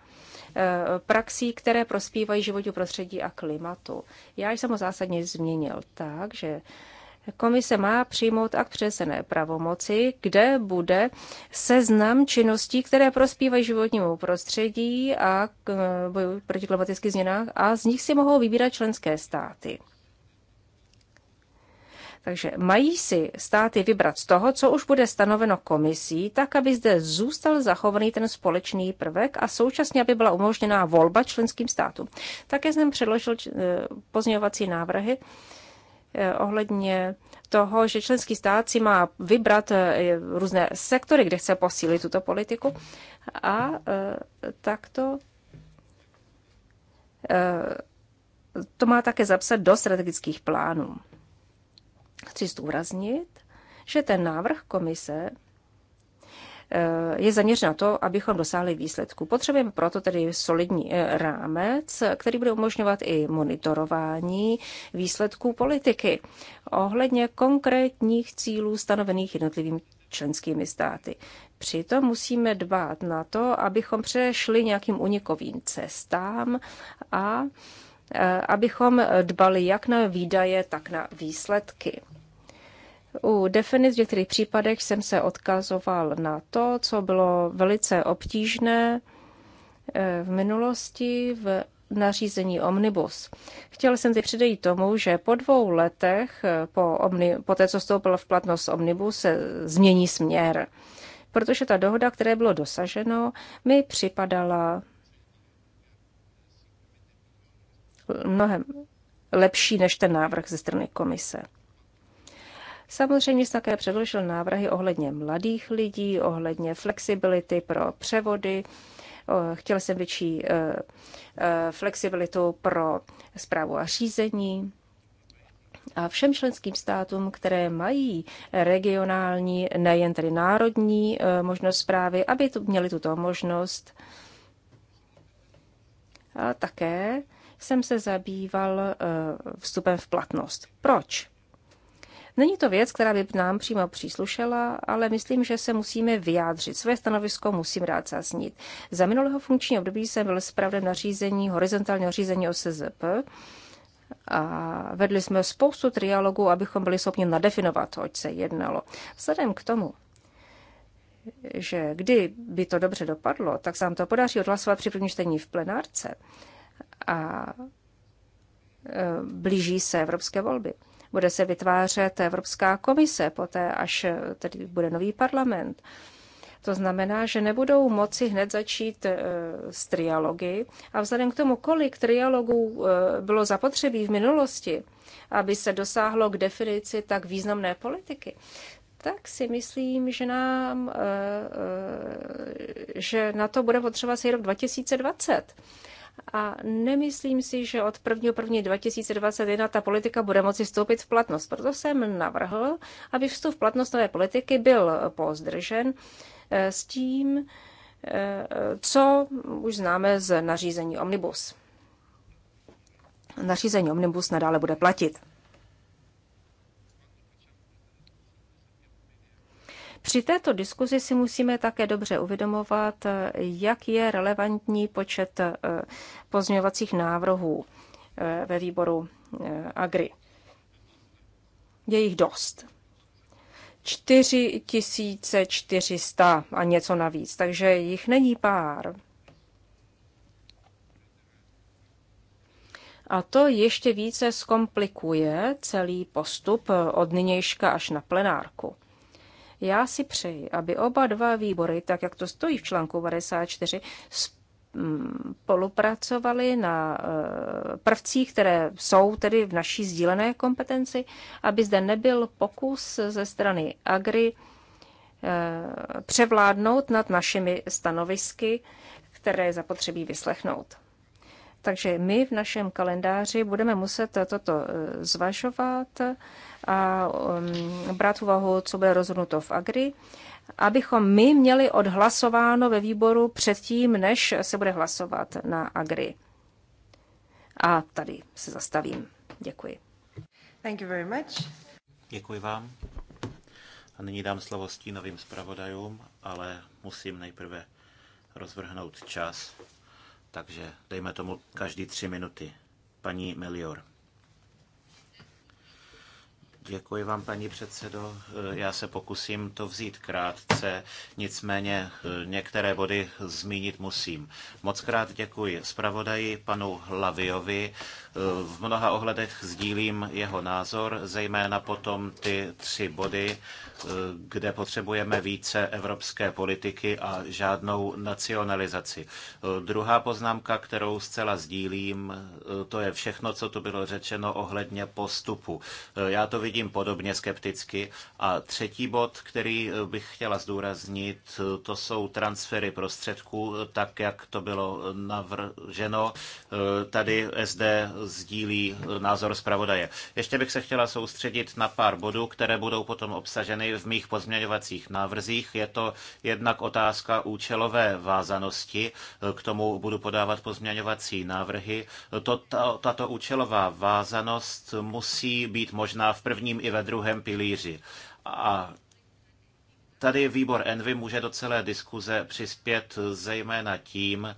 Eh, praxí, které prospívají životu prostředí a klimatu. Já jsem ho zásadně změnil tak, že Komise má přijmout akt přesené pravomoci, kde bude seznam činností, které prospívají životnímu prostředí a eh, boju proti klimatickým změnách a z nich si mohou vybírat členské státy. Takže mají si státy vybrat z toho, co už bude stanoveno komisí, tak aby zde zůstal zachovaný ten společný prvek a současně, aby byla umožněná volba členským státům. Také jsem předložil eh, pozměňovací návrhy eh, ohledně toho, že členský stát si má vybrat eh, různé sektory, kde chce posílit tuto politiku a takto to má také zapsat do strategických plánů. Chci zdůraznit, že ten návrh komise eh, je zaměřen na to, abychom dosáhli výsledku. Potřebujeme proto tedy solidní eh, rámec, který bude umožňovat i monitorování výsledků politiky ohledně konkrétních cílů stanovených jednotlivým členskými státy. Přitom musíme dbát na to, abychom přešli nějakým unikovým cestám a eh, abychom dbali jak na výdaje, tak na výsledky. U definic v některých případech jsem se odkazoval na to, co bylo velice obtížné eh, v minulosti v nařízení Omnibus. Chtěl jsem tedy předejít tomu, že po dvou letech, eh, po, omni, po té, co vstoupil v platnost Omnibus, se změní směr. Protože ta dohoda, které bylo dosaženo, mi připadala mnohem lepší než ten návrh ze strany komise. Samozřejmě se také předložil návrhy ohledně mladých lidí, ohledně flexibility pro převody. Chtěl jsem větší e, e, flexibilitu pro zprávu a řízení. A všem členským státům, které mají regionální, nejen tedy národní e, možnost zprávy, aby tu, měli tuto možnost. A také jsem se zabýval vstupem v platnost. Proč? Není to věc, která by nám přímo příslušela, ale myslím, že se musíme vyjádřit. Své stanovisko musím rád zasnít. Za minulého funkčního období jsem byl zpravdem na řízení, horizontálního řízení o SZP a vedli jsme spoustu trialogů, abychom byli schopni nadefinovat, oč se jednalo. Vzhledem k tomu, že kdy by to dobře dopadlo, tak se nám to podaří odhlasovat při prvním čtení v plenárce a e, blíží se evropské volby. Bude se vytvářet Evropská komise poté, až tedy bude nový parlament. To znamená, že nebudou moci hned začít eh, s trialogy a vzhledem k tomu, kolik trialogů eh, bylo zapotřebí v minulosti, aby se dosáhlo k definici tak významné politiky, tak si myslím, že nám, eh, že na to bude potřeba si rok 2020. A nemyslím si, že od 1. 1. 2021 ta politika bude moci vstoupit v platnost. Proto jsem navrhl, aby vstup v platnost nové politiky byl pozdržen eh, s tím, eh, co už známe z nařízení Omnibus. Nařízení Omnibus nadále bude platit. Při této diskuzi si musíme také dobře uvědomovat, jak je relevantní počet eh, pozměňovacích návrhů eh, ve výboru eh, Agri. Je jich dost. 4400 a něco navíc, takže jich není pár. A to ještě více zkomplikuje celý postup od nynějška až na plenárku. Já si přeji, aby oba dva výbory, tak jak to stojí v článku 54, mm, spolupracovali na eh, prvcích, které jsou tedy v naší sdílené kompetenci, aby zde nebyl pokus ze strany Agri eh, převládnout nad našimi stanovisky, které zapotřebí vyslechnout. Takže my v našem kalendáři budeme muset toto eh, zvažovat a um, brát v úvahu, co bude rozhodnuto v Agri, abychom my měli odhlasováno ve výboru předtím, než se bude hlasovat na Agri. A tady se zastavím. Děkuji. Thank you very much. Děkuji vám. A nyní dám slovo stínovým zpravodajům, ale musím nejprve rozvrhnout čas. Takže dejme tomu každý tři minuty. Paní Melior. Děkuji vám, paní předsedo. Já se pokusím to vzít krátce, nicméně eh, některé body zmínit musím. Moc krát děkuji zpravodaji panu Laviovi. Eh, v mnoha ohledech sdílím jeho názor, zejména potom ty tři body, eh, kde potřebujeme více evropské politiky a žádnou nacionalizaci. Druhá poznámka, kterou zcela sdílím, to je všechno, co tu bylo řečeno ohledně postupu. Já to vidím vidím podobně skepticky. A třetí bod, který eh, bych chtěla zdůraznit, eh, to jsou transfery prostředků, eh, tak jak to bylo navrženo. Tady SD sdílí názor zpravodaje. Ještě bych se chtěla soustředit na pár bodů, které budou potom obsaženy v mých pozměňovacích návrzích. Je to jednak otázka účelové vázanosti. K tomu budu podávat pozměňovací návrhy. To, tato účelová vázanost musí být možná v první prvním i ve druhém pilíři. A tady výbor Envy může do celé diskuze přispět zejména tím,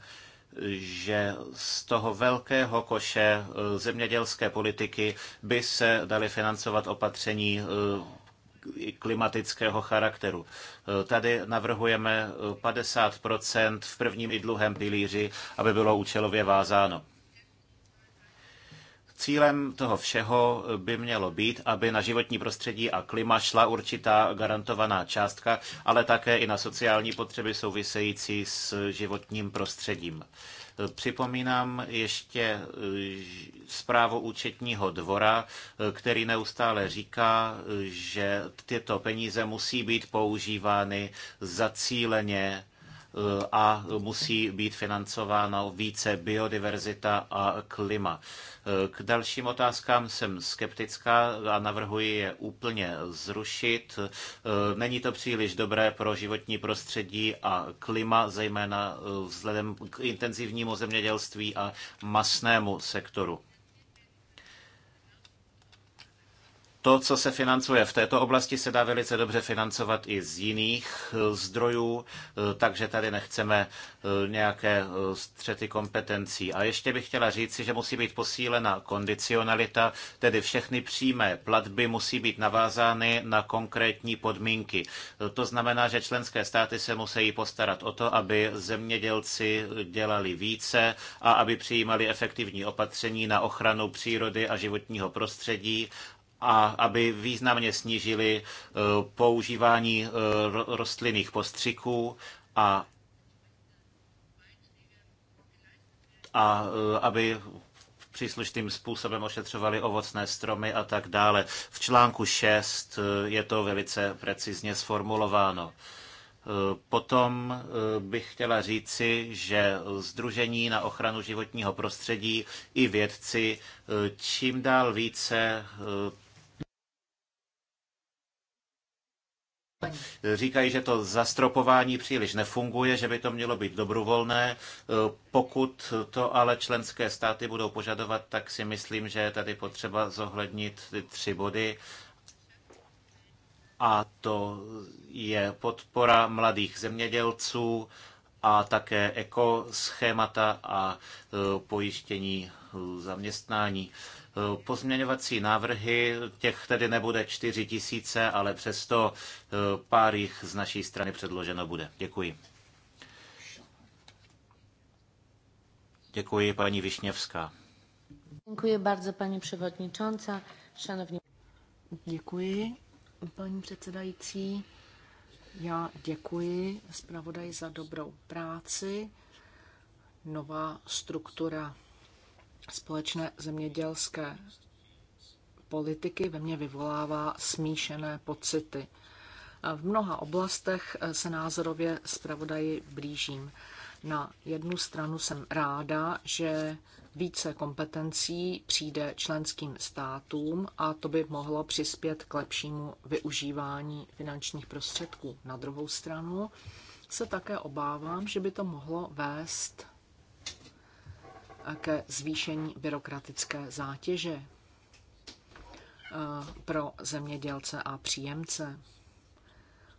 že z toho velkého koše eh, zemědělské politiky by se daly financovat opatření eh, klimatického charakteru. Eh, tady navrhujeme 50 v prvním i druhém pilíři, aby bylo účelově vázáno. Cílem toho všeho by mělo být, aby na životní prostředí a klima šla určitá garantovaná částka, ale také i na sociální potřeby související s životním prostředím. Připomínám ještě eh, zprávu účetního dvora, eh, který neustále říká, eh, že tyto peníze musí být používány zacíleně Eh, a musí být financována více biodiverzita a klima. Eh, k dalším otázkám jsem skeptická a navrhuji je úplně zrušit. Eh, není to příliš dobré pro životní prostředí a klima, zejména vzhledem k intenzivnímu zemědělství a masnému sektoru. To, co se financuje v této oblasti, se dá velice dobře financovat i z jiných e, zdrojů, e, takže tady nechceme e, nějaké střety kompetencí. A ještě bych chtěla říci, že musí být posílena kondicionalita, tedy všechny přímé platby musí být navázány na konkrétní podmínky. To znamená, že členské státy se musí postarat o to, aby zemědělci dělali více a aby přijímali efektivní opatření na ochranu přírody a životního prostředí a aby významně snížili e, používání e, rostlinných postřiků a, a e, aby příslušným způsobem ošetřovali ovocné stromy a tak dále. V článku 6 je to velice precizně sformulováno. Potom bych chtěla říci, že Združení na ochranu životního prostředí i vědci čím dál více Říkají, že to zastropování příliš nefunguje, že by to mělo být dobrovolné. E, pokud to ale členské státy budou požadovat, tak si myslím, že je tady potřeba zohlednit ty tři body. A to je podpora mladých zemědělců a také ekoschémata a e, pojištění zaměstnání. Eh, pozměňovací návrhy, těch tedy nebude 4 tisíce, ale přesto eh, pár jich z naší strany předloženo bude. Děkuji. Děkuji, paní Višněvská. Děkuji bardzo, paní předsedající. Šanovní... Děkuji, paní předsedající. Já děkuji zpravodaji za dobrou práci. Nová struktura společné zemědělské politiky ve mně vyvolává smíšené pocity. V mnoha oblastech se názorově zpravodaji blížím. Na jednu stranu jsem ráda, že více kompetencí přijde členským státům a to by mohlo přispět k lepšímu využívání finančních prostředků. Na druhou stranu se také obávám, že by to mohlo vést ke zvýšení byrokratické zátěže eh, pro zemědělce a příjemce.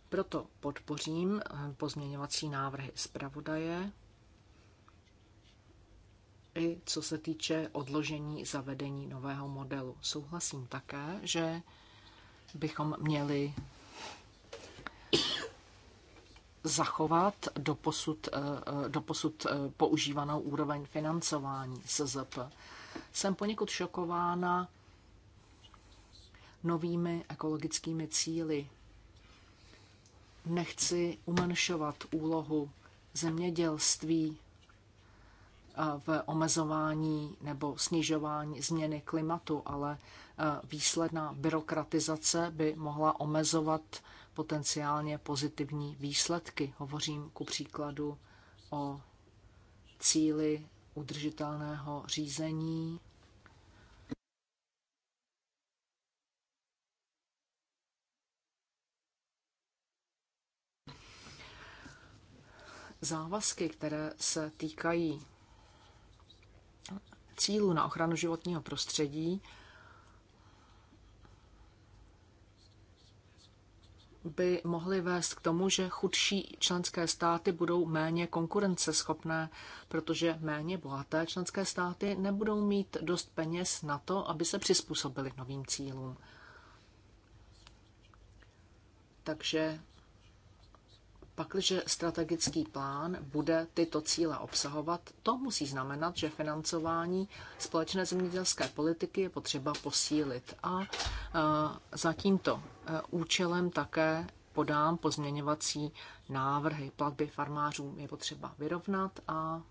Proto podpořím eh, pozměňovací návrhy zpravodaje i co se týče odložení zavedení nového modelu. Souhlasím také, že bychom měli zachovat doposud, eh, eh, doposud eh, používanou úroveň financování SZP. Jsem poněkud šokována novými ekologickými cíly. Nechci umenšovat úlohu zemědělství v omezování nebo snižování změny klimatu, ale výsledná byrokratizace by mohla omezovat potenciálně pozitivní výsledky. Hovořím ku příkladu o cíli udržitelného řízení, závazky, které se týkají cílu na ochranu životního prostředí, by mohly vést k tomu, že chudší členské státy budou méně konkurenceschopné, protože méně bohaté členské státy nebudou mít dost peněz na to, aby se přizpůsobili novým cílům. Takže Pakliže strategický plán bude tyto cíle obsahovat, to musí znamenat, že financování společné zemědělské politiky je potřeba posílit. A e, za tímto e, účelem také podám pozměňovací návrhy. Platby farmářům je potřeba vyrovnat a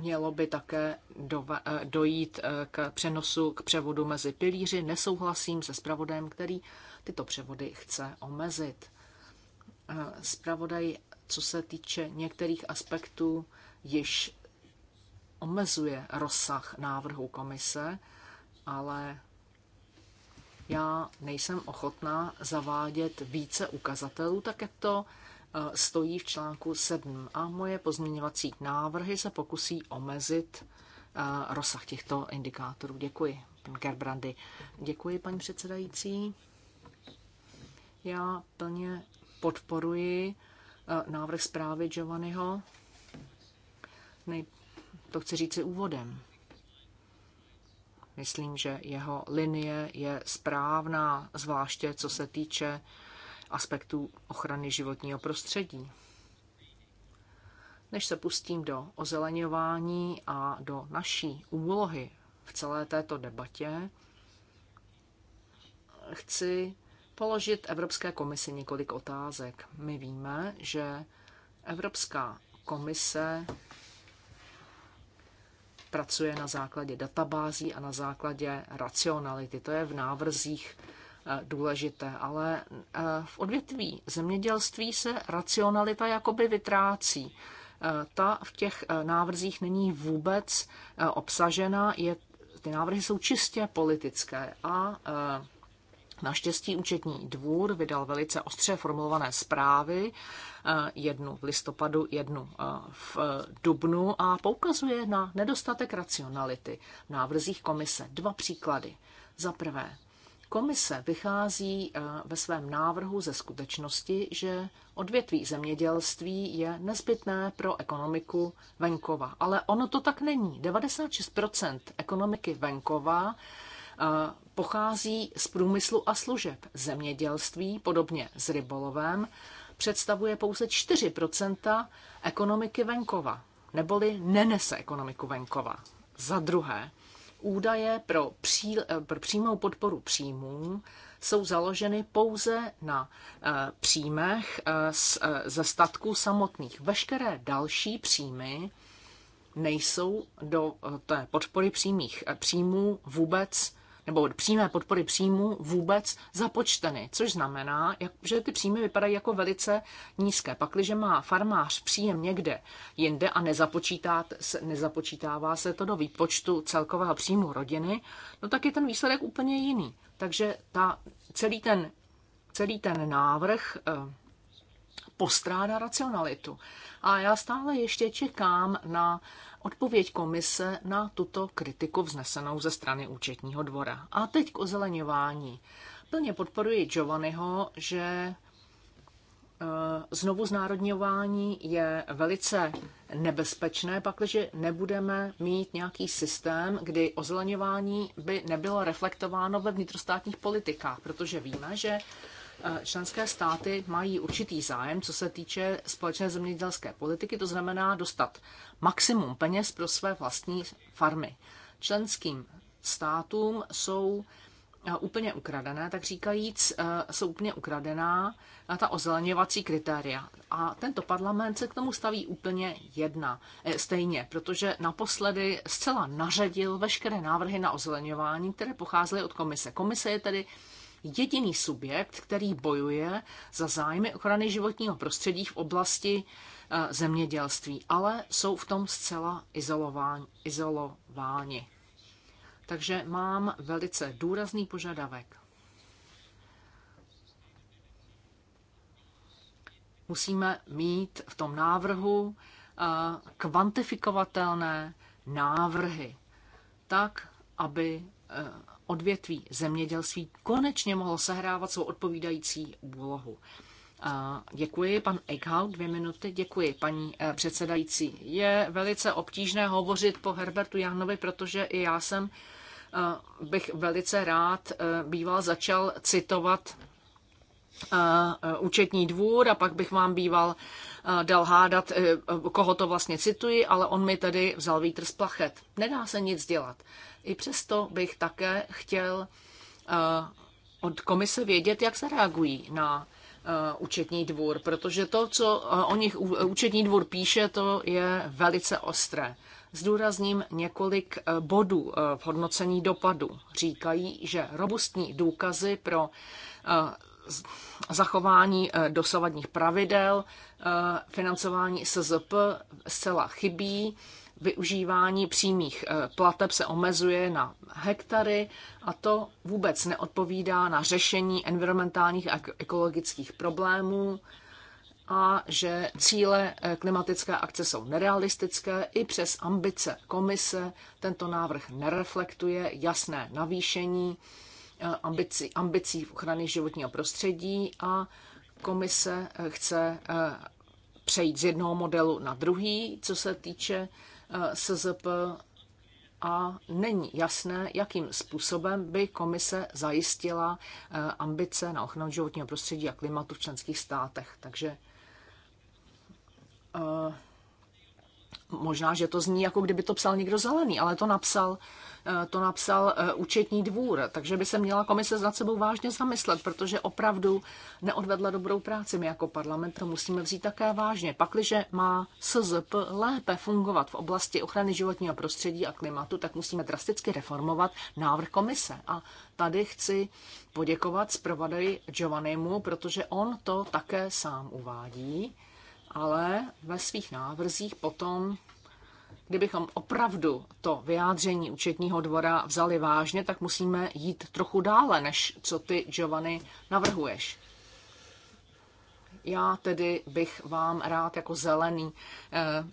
Mělo by také eh, dojít eh, k přenosu, k převodu mezi pilíři. Nesouhlasím se zpravodajem, který tyto převody chce omezit. Eh, zpravodaj, co se týče některých aspektů, již omezuje rozsah návrhu komise, ale já nejsem ochotná zavádět více ukazatelů, tak jak to Eh, stojí v článku 7 a moje pozměňovací návrhy se pokusí omezit eh, rozsah těchto indikátorů. Děkuji, pan Gerbrandy. Děkuji, paní předsedající. Já plně podporuji eh, návrh zprávy Giovanniho. to chci říct si úvodem. Myslím, že jeho linie je správná, zvláště co se týče aspektů ochrany životního prostředí. Než se pustím do ozeleňování a do naší úlohy v celé této debatě, chci položit Evropské komisi několik otázek. My víme, že Evropská komise pracuje na základě databází a na základě racionality. To je v návrzích důležité, ale e, v odvětví zemědělství se racionalita jakoby vytrácí. E, ta v těch e, návrzích není vůbec obsažena, je, ty návrhy jsou čistě politické a Naštěstí účetní dvůr vydal velice ostře formulované zprávy, jednu v listopadu, jednu v dubnu a poukazuje na nedostatek racionality v návrzích komise. Dva příklady. Za prvé, Komise vychází eh, ve svém návrhu ze skutečnosti, že odvětví zemědělství je nezbytné pro ekonomiku venkova. Ale ono to tak není. 96 ekonomiky venkova eh, pochází z průmyslu a služeb. Zemědělství, podobně s rybolovem, představuje pouze 4 ekonomiky venkova, neboli nenese ekonomiku venkova. Za druhé, Údaje pro, pří, eh, pro přímou podporu příjmů jsou založeny pouze na eh, příjmech z, eh, ze statků samotných. Veškeré další příjmy nejsou do té podpory přímých příjmů vůbec nebo od přímé podpory příjmu vůbec započteny, což znamená, že ty příjmy vypadají jako velice nízké. Pakliže má farmář příjem někde jinde a nezapočítá, nezapočítává se to do výpočtu celkového příjmu rodiny, no tak je ten výsledek úplně jiný. Takže ta, celý, ten, celý ten návrh eh, postrádá racionalitu. A já stále ještě čekám na odpověď komise na tuto kritiku vznesenou ze strany účetního dvora. A teď k ozeleňování. Plně podporuji Giovanniho, že eh, znovu znárodňování je velice nebezpečné, pakliže nebudeme mít nějaký systém, kdy ozeleňování by nebylo reflektováno ve vnitrostátních politikách, protože víme, že Eh, členské státy mají určitý zájem, co se týče společné zemědělské politiky, to znamená dostat maximum peněz pro své vlastní farmy. Členským státům jsou eh, úplně ukradené, tak říkajíc, eh, jsou úplně ukradená ta ozeleněvací kritéria. A tento parlament se k tomu staví úplně jedna, stejně, protože naposledy zcela nařadil veškeré návrhy na ozeleňování, které pocházely od komise. Komise je tedy jediný subjekt, který bojuje za zájmy ochrany životního prostředí v oblasti eh, zemědělství, ale jsou v tom zcela izolováni. Takže mám velice důrazný požadavek. Musíme mít v tom návrhu eh, kvantifikovatelné návrhy, tak, aby eh, odvětví zemědělství konečně mohlo sehrávat svou odpovídající úlohu. Děkuji, pan Eichhout, dvě minuty. Děkuji, paní eh, předsedající. Je velice obtížné hovořit po Herbertu Jahnovi, protože i já jsem eh, bych velice rád eh, býval začal citovat účetní dvůr a pak bych vám býval dal hádat, koho to vlastně cituji, ale on mi tedy vzal vítr z plachet. Nedá se nic dělat. I přesto bych také chtěl eh, od komise vědět, jak se reagují na eh, účetní dvůr, protože to, co eh, o nich účetní dvůr píše, to je velice ostré. Zdůrazním několik bodů v hodnocení dopadu. Říkají, že robustní důkazy pro zachování dosavadních pravidel, financování SZP zcela chybí, využívání přímých eh, plateb se omezuje na hektary a to vůbec neodpovídá na řešení environmentálních a ekologických problémů a že cíle eh, klimatické akce jsou nerealistické. I přes ambice komise tento návrh nereflektuje jasné navýšení eh, ambicí, ambicí v ochrany životního prostředí a komise chce přejít z jednoho modelu na druhý, co se týče SZP a není jasné, jakým způsobem by komise zajistila eh, ambice na ochranu životního prostředí a klimatu v členských státech. Takže eh, možná, že to zní, jako kdyby to psal někdo zelený, ale to napsal to napsal eh, účetní dvůr, takže by se měla komise nad sebou vážně zamyslet, protože opravdu neodvedla dobrou práci. My jako parlament to musíme vzít také vážně. Pakliže má SZP lépe fungovat v oblasti ochrany životního prostředí a klimatu, tak musíme drasticky reformovat návrh komise. A tady chci poděkovat zpravodaji Giovannimu, protože on to také sám uvádí ale ve svých návrzích potom Kdybychom opravdu to vyjádření účetního dvora vzali vážně, tak musíme jít trochu dále, než co ty, Giovanni, navrhuješ. Já tedy bych vám rád jako zelený eh,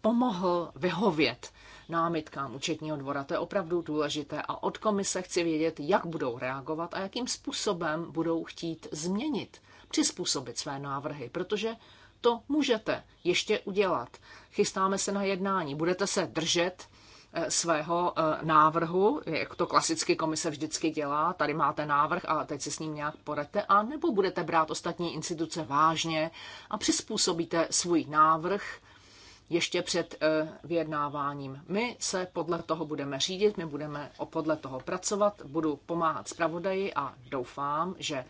pomohl vyhovět námitkám účetního dvora. To je opravdu důležité a od komise chci vědět, jak budou reagovat a jakým způsobem budou chtít změnit, přizpůsobit své návrhy, protože to můžete ještě udělat chystáme se na jednání. Budete se držet eh, svého eh, návrhu, jak to klasicky komise vždycky dělá, tady máte návrh a teď se s ním nějak poradte, a nebo budete brát ostatní instituce vážně a přizpůsobíte svůj návrh ještě před eh, vyjednáváním. My se podle toho budeme řídit, my budeme podle toho pracovat, budu pomáhat zpravodaji a doufám, že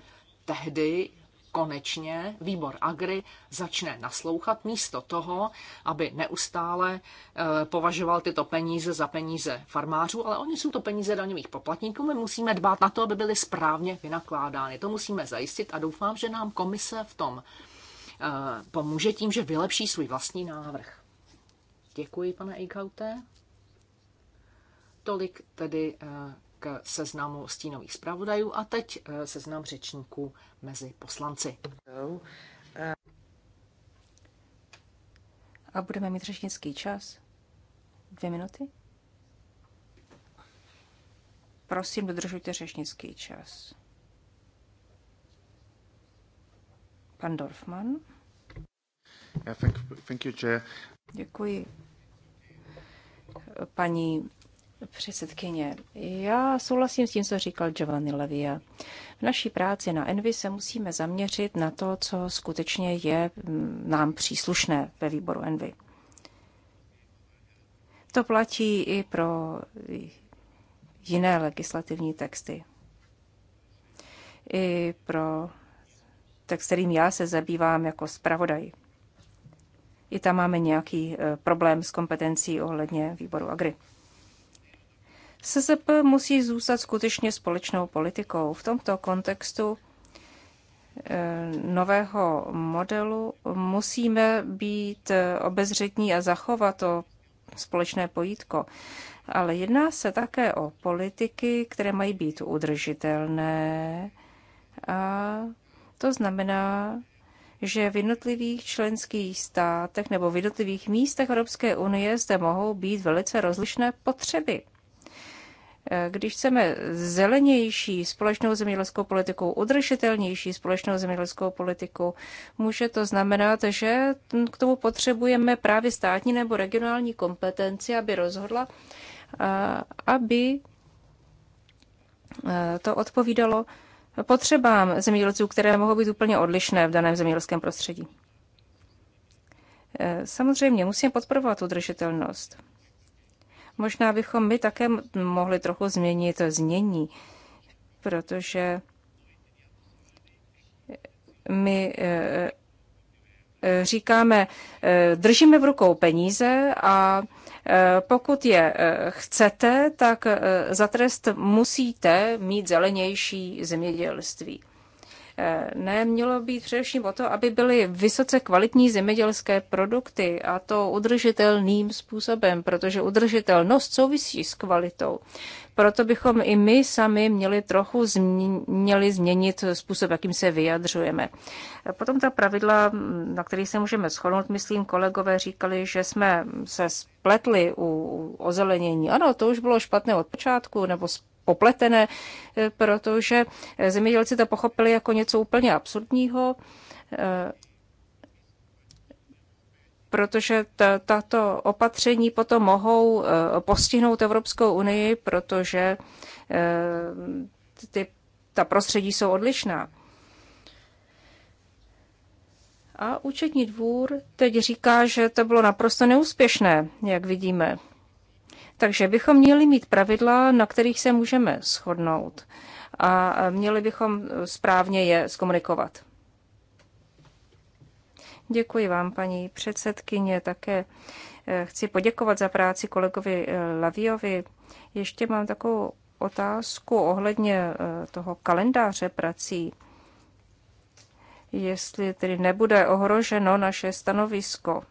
tehdy konečně výbor Agri začne naslouchat místo toho, aby neustále eh, považoval tyto peníze za peníze farmářů, ale oni jsou to peníze daňových poplatníků. My musíme dbát na to, aby byly správně vynakládány. To musíme zajistit a doufám, že nám komise v tom eh, pomůže tím, že vylepší svůj vlastní návrh. Děkuji, pane Eichauté. Tolik tedy eh, k seznamu stínových zpravodajů a teď eh, seznam řečníků mezi poslanci. A budeme mít řečnický čas. Dvě minuty. Prosím, dodržujte řečnický čas. Pan Dorfman. Yeah, thank, thank you, Děkuji. Paní Předsedkyně, já souhlasím s tím, co říkal Giovanni Levia. V naší práci na Envy se musíme zaměřit na to, co skutečně je mm, nám příslušné ve výboru Envy. To platí i pro jiné legislativní texty. I pro text, kterým já se zabývám jako zpravodaj. I tam máme nějaký eh, problém s kompetencí ohledně výboru Agri. SZP musí zůstat skutečně společnou politikou. V tomto kontextu eh, nového modelu musíme být eh, obezřetní a zachovat to společné pojítko. Ale jedná se také o politiky, které mají být udržitelné. A to znamená, že v jednotlivých členských státech nebo v jednotlivých místech Evropské unie zde mohou být velice rozlišné potřeby. Když chceme zelenější společnou zemědělskou politiku, udržitelnější společnou zemědělskou politiku, může to znamenat, že k tomu potřebujeme právě státní nebo regionální kompetenci, aby rozhodla, aby to odpovídalo potřebám zemědělců, které mohou být úplně odlišné v daném zemědělském prostředí. E, samozřejmě musíme podporovat udržitelnost. Možná bychom my také mohli trochu změnit znění, protože my eh, eh, říkáme, eh, držíme v rukou peníze a pokud je chcete, tak za trest musíte mít zelenější zemědělství. Eh, ne, mělo být především o to, aby byly vysoce kvalitní zemědělské produkty a to udržitelným způsobem, protože udržitelnost souvisí s kvalitou. Proto bychom i my sami měli trochu změn, měli změnit způsob, jakým se vyjadřujeme. Eh, potom ta pravidla, mm, na kterých se můžeme shodnout, myslím, kolegové říkali, že jsme se spletli u ozelenění. Ano, to už bylo špatné od počátku, nebo popletené, eh, protože eh, zemědělci to pochopili jako něco úplně absurdního, eh, protože tato opatření potom mohou postihnout Evropskou unii, protože ty, ta prostředí jsou odlišná. A účetní dvůr teď říká, že to bylo naprosto neúspěšné, jak vidíme. Takže bychom měli mít pravidla, na kterých se můžeme shodnout a měli bychom správně je zkomunikovat. Děkuji vám, paní předsedkyně, také eh, chci poděkovat za práci kolegovi eh, Laviovi. Ještě mám takovou otázku ohledně eh, toho kalendáře prací. Jestli tedy nebude ohroženo naše stanovisko.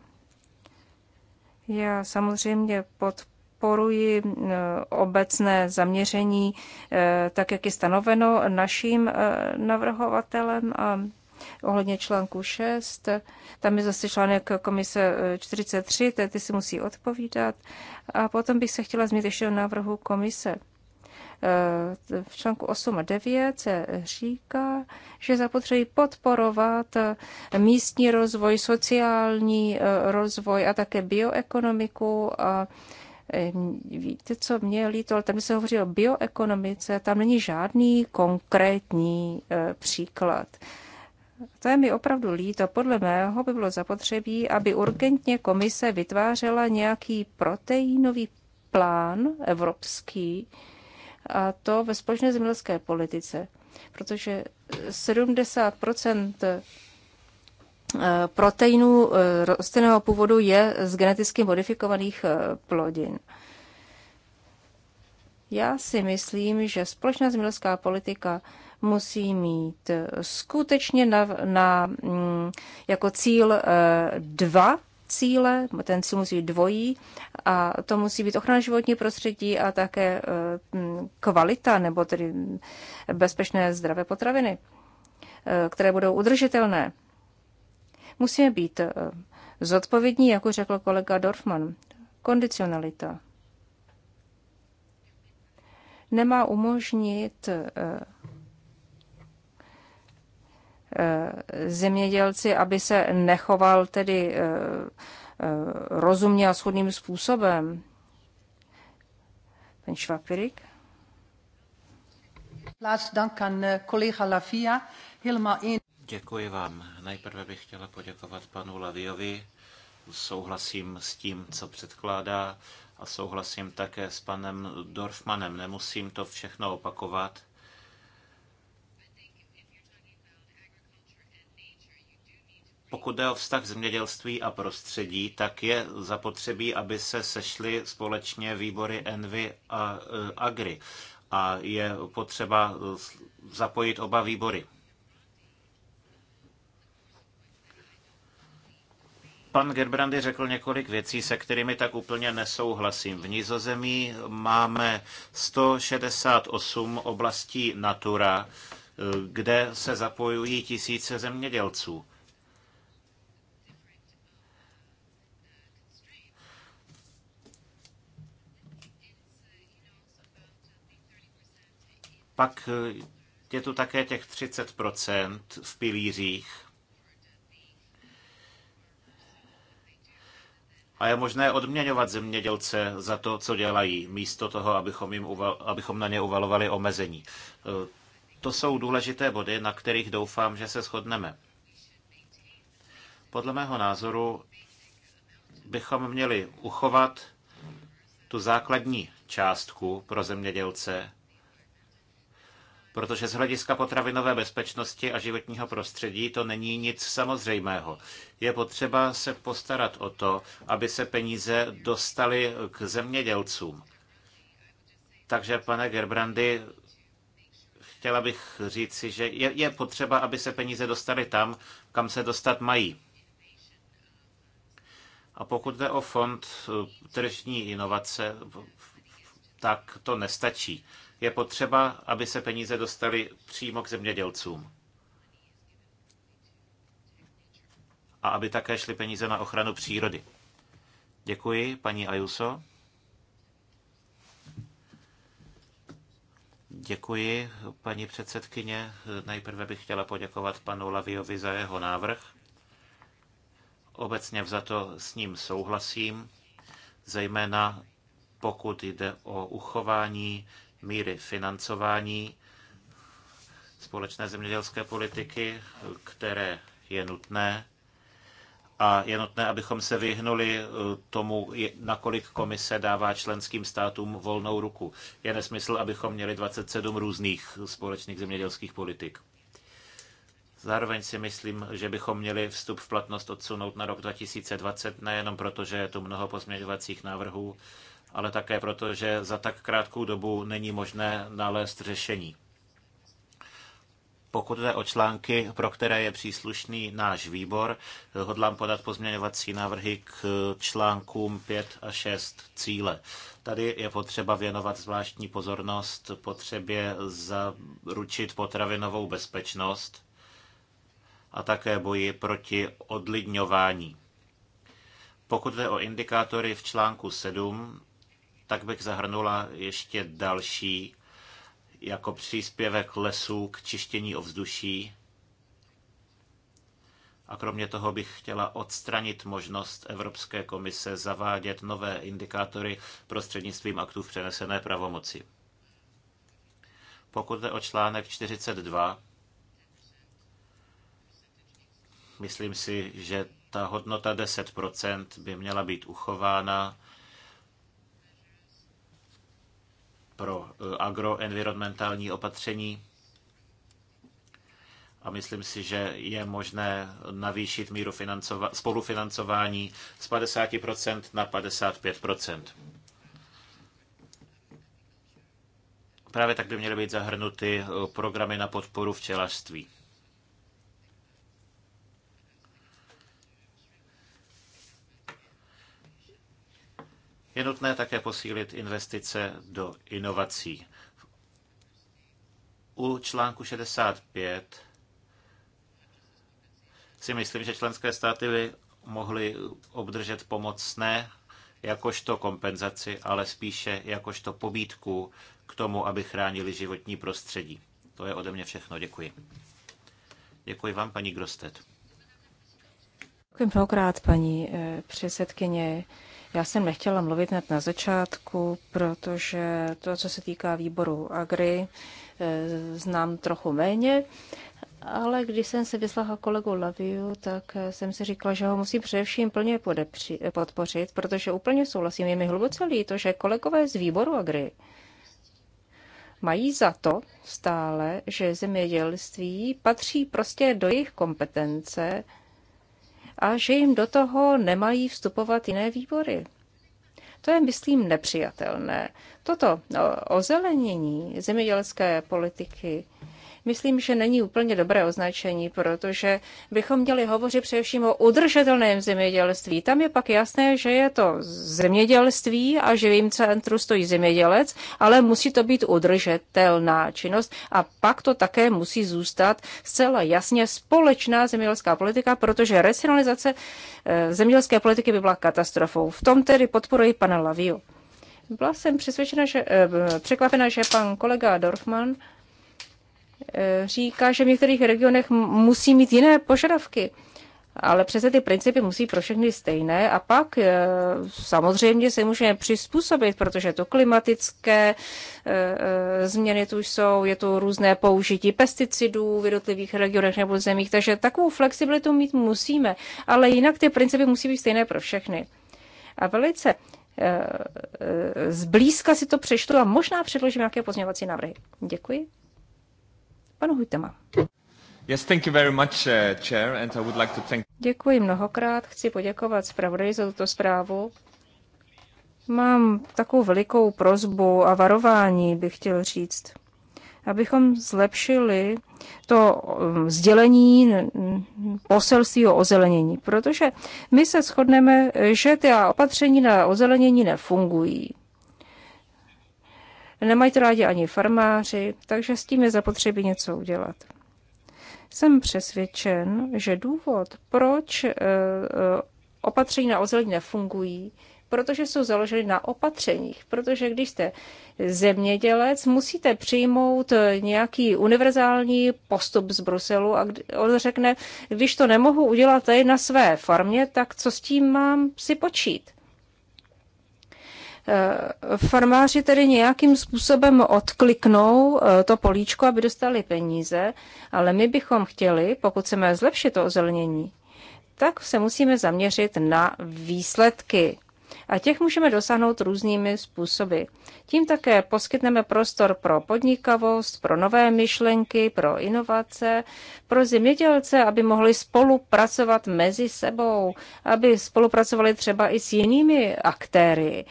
Já samozřejmě podporuji podporuji eh, obecné zaměření, eh, tak jak je stanoveno naším eh, navrhovatelem a ohledně článku 6. Tam je zase článek komise 43, ty, ty si musí odpovídat. A potom bych se chtěla zmínit ještě o návrhu komise. V článku 8 a 9 se říká, že zapotřebí podporovat místní rozvoj, sociální rozvoj a také bioekonomiku a Víte, co mě líto, ale tam se hovoří o bioekonomice, tam není žádný konkrétní e, příklad. To je mi opravdu líto. Podle mého by bylo zapotřebí, aby urgentně komise vytvářela nějaký proteinový plán evropský, a to ve společné zemědělské politice, protože 70 Eh, proteinů eh, rostlinného původu je z geneticky modifikovaných eh, plodin. Já si myslím, že společná zemědělská politika musí mít skutečně na, na, mm, jako cíl dva cíle, ten cíl musí být dvojí a to musí být ochrana životního prostředí a také mm, kvalita nebo tedy bezpečné zdravé potraviny, které budou udržitelné. Musíme být eh, zodpovědní, jak už řekl kolega Dorfman. Kondicionalita nemá umožnit eh, eh, zemědělci, aby se nechoval tedy rozumně a schudným způsobem. Pan Švapirik? Plaats, dan kan kolega Lafia, Hilma in. Děkuji vám. Nejprve bych chtěla poděkovat panu Laviovi. Souhlasím s tím, co předkládá a souhlasím také s panem Dorfmanem. Nemusím to všechno opakovat. Pokud jde o vztah zemědělství a prostředí, tak je zapotřebí, aby se sešly společně výbory Envy a e, Agri. A je potřeba zapojit oba výbory. Pan Gerbrandy řekl několik věcí, se kterými tak úplně nesouhlasím. V Nizozemí máme 168 oblastí Natura, eh, kde se zapojují tisíce zemědělců. Pak eh, je tu také těch 30% v pilířích, A je možné odměňovat zemědělce za to, co dělají, místo toho, abychom, jim uval, abychom na ně uvalovali omezení. E, to jsou důležité body, na kterých doufám, že se shodneme. Podle mého názoru bychom měli uchovat tu základní částku pro zemědělce, protože z hlediska potravinové bezpečnosti a životního prostředí to není nic samozřejmého. Je potřeba se postarat o to, aby se peníze dostaly k zemědělcům. Takže, pane Gerbrandy, chtěla bych říci, že je, je potřeba, aby se peníze dostaly tam, kam se dostat mají. A pokud jde o fond eh, tržní inovace, tak to nestačí. Je potřeba, aby se peníze dostaly přímo k zemědělcům. A aby také šly peníze na ochranu přírody. Děkuji, paní Ayuso. Děkuji, paní předsedkyně. Nejprve bych chtěla poděkovat panu Laviovi za jeho návrh. Obecně vzato s ním souhlasím, zejména pokud jde o uchování míry financování společné zemědělské politiky, které je nutné. A je nutné, abychom se vyhnuli eh, tomu, nakolik komise dává členským státům volnou ruku. Je nesmysl, abychom měli 27 různých společných zemědělských politik. Zároveň si myslím, že bychom měli vstup v platnost odsunout na rok 2020, nejenom proto, že je tu mnoho pozměňovacích návrhů, ale také proto, že za tak krátkou dobu není možné nalézt řešení. Pokud jde o články, pro které je příslušný náš výbor, hodlám podat pozměňovací návrhy k článkům 5 a 6 cíle. Tady je potřeba věnovat zvláštní pozornost potřebě zaručit potravinovou bezpečnost a také boji proti odlidňování. Pokud jde o indikátory v článku 7, tak bych zahrnula ještě další, jako příspěvek lesů k čištění ovzduší. A kromě toho bych chtěla odstranit možnost Evropské komise zavádět nové indikátory prostřednictvím aktů v přenesené pravomoci. Pokud jde o článek 42, myslím si, že ta hodnota 10% by měla být uchována pro eh, agroenvironmentální opatření a myslím si, že je možné navýšit míru financova- spolufinancování z 50% na 55%. Právě tak by měly být zahrnuty eh, programy na podporu včelařství. Je nutné také posílit investice do inovací. U článku 65 si myslím, že členské státy by mohly obdržet pomocné, jakožto kompenzaci, ale spíše jakožto pobídku k tomu, aby chránili životní prostředí. To je ode mě všechno. Děkuji. Děkuji vám, paní Grostet. Děkuji mnohokrát, paní eh, předsedkyně. Já jsem nechtěla mluvit hned na začátku, protože to, co se týká výboru Agri, eh, znám trochu méně, ale když jsem se vyslala kolegu Laviu, tak eh, jsem si říkala, že ho musím především plně podepři, podpořit, protože úplně souhlasím, je mi hluboce líto, že kolegové z výboru Agri mají za to stále, že zemědělství patří prostě do jejich kompetence a že jim do toho nemají vstupovat jiné výbory. To je, myslím, nepřijatelné. Toto no, ozelenění zemědělské politiky myslím, že není úplně dobré označení, protože bychom měli hovořit především o udržitelném zemědělství. Tam je pak jasné, že je to zemědělství a že v jejím centru stojí zemědělec, ale musí to být udržitelná činnost a pak to také musí zůstat zcela jasně společná zemědělská politika, protože racionalizace eh, zemědělské politiky by byla katastrofou. V tom tedy podporuji pana Laviu. Byla jsem přesvědčena, že, eh, překvapena, že pan kolega Dorfman Eh, říká, že v některých regionech musí mít jiné požadavky. Ale přece ty principy musí pro všechny stejné a pak eh, samozřejmě se můžeme přizpůsobit, protože to klimatické eh, změny tu jsou, je to různé použití pesticidů v jednotlivých regionech nebo zemích, takže takovou flexibilitu mít musíme, ale jinak ty principy musí být stejné pro všechny. A velice zblízka si to přečtu a možná předložím nějaké pozměňovací návrhy. Děkuji. Panu Hujtema. Yes, thank you very much, uh, chair, and I would like to thank... Děkuji mnohokrát, chci poděkovat zpravodaji za tuto zprávu. Mám takovou velikou prozbu a varování, bych chtěl říct, abychom zlepšili to um, sdělení poselství o ozelenění, protože my se shodneme, že ty opatření na ozelenění nefungují. Nemají to rádi ani farmáři, takže s tím je zapotřebí něco udělat. Jsem přesvědčen, že důvod, proč eh, eh, opatření na ozelení nefungují, protože jsou založeny na opatřeních. Protože když jste zemědělec, musíte přijmout nějaký univerzální postup z Bruselu a on řekne, když to nemohu udělat tady na své farmě, tak co s tím mám si počít? Eh, farmáři tedy nějakým způsobem odkliknou eh, to políčko, aby dostali peníze, ale my bychom chtěli, pokud chceme zlepšit to ozelenění, tak se musíme zaměřit na výsledky. A těch můžeme dosáhnout různými způsoby. Tím také poskytneme prostor pro podnikavost, pro nové myšlenky, pro inovace, pro zemědělce, aby mohli spolupracovat mezi sebou, aby spolupracovali třeba i s jinými aktéry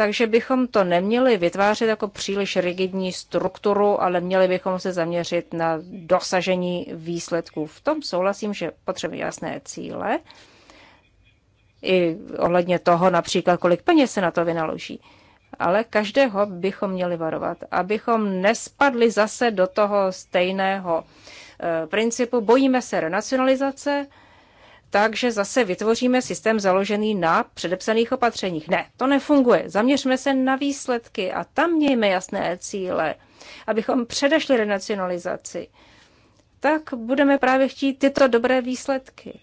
takže bychom to neměli vytvářet jako příliš rigidní strukturu, ale měli bychom se zaměřit na dosažení výsledků. V tom souhlasím, že potřebujeme jasné cíle, i ohledně toho například, kolik peněz se na to vynaloží. Ale každého bychom měli varovat, abychom nespadli zase do toho stejného eh, principu. Bojíme se renacionalizace, takže zase vytvoříme systém založený na předepsaných opatřeních. Ne, to nefunguje. Zaměřme se na výsledky a tam mějme jasné cíle, abychom předešli renacionalizaci. Tak budeme právě chtít tyto dobré výsledky.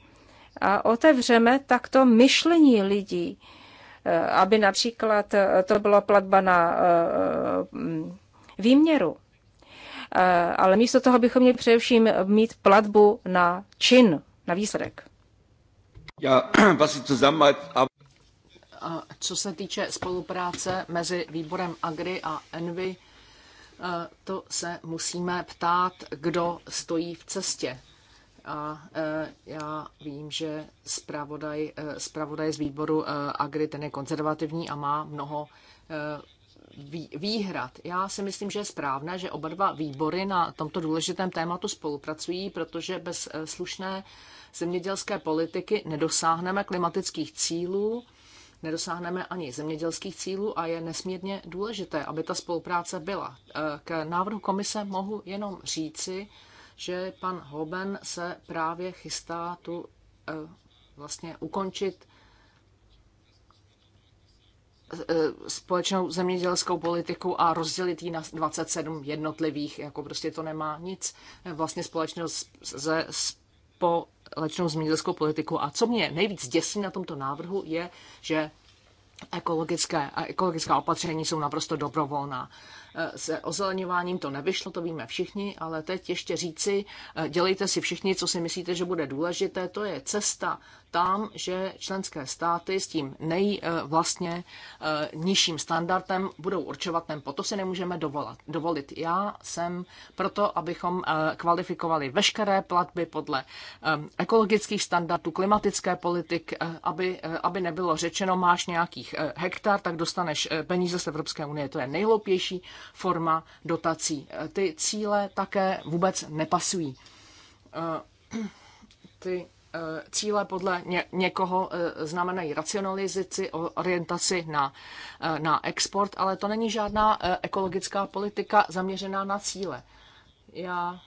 A otevřeme takto myšlení lidí, eh, aby například eh, to byla platba na eh, výměru. Ale místo toho bychom měli především mít platbu na čin, na výsledek. Já, was co se týče spolupráce mezi výborem Agri a Envy, eh, to se musíme ptát, kdo stojí v cestě. A eh, já vím, že zpravodaj, eh, zpravodaj z výboru Agri, ten je konzervativní a má mnoho výhrad. Já si myslím, že je správné, že oba dva výbory na tomto důležitém tématu spolupracují, protože bez slušné zemědělské politiky nedosáhneme klimatických cílů, nedosáhneme ani zemědělských cílů a je nesmírně důležité, aby ta spolupráce byla. E, K návrhu komise mohu jenom říci, že pan Hoben se právě chystá tu e, vlastně ukončit e, společnou zemědělskou politiku a rozdělit ji na 27 jednotlivých, jako prostě to nemá nic vlastně společného se, po, lečnou zemědělskou politiku. A co mě nejvíc děsí na tomto návrhu je, že ekologické a ekologická opatření jsou naprosto dobrovolná. E, se ozeleňováním to nevyšlo, to víme všichni, ale teď ještě říci, e, dělejte si všichni, co si myslíte, že bude důležité, to je cesta tam, že členské státy s tím nejvlastně eh, eh, nižším standardem budou určovat tempo. To si nemůžeme dovolat, dovolit. Já jsem proto, abychom eh, kvalifikovali veškeré platby podle ekologických standardů, klimatické politik, aby, aby nebylo řečeno, máš nějakých hektar, tak dostaneš peníze z Evropské unie. To je nejloupější forma dotací. Ty cíle také vůbec nepasují. Ty Eh, cíle podle ně, někoho eh, znamenají racionalizaci, orientaci na, eh, na export, ale to není žádná ekologická politika zaměřená na cíle. Já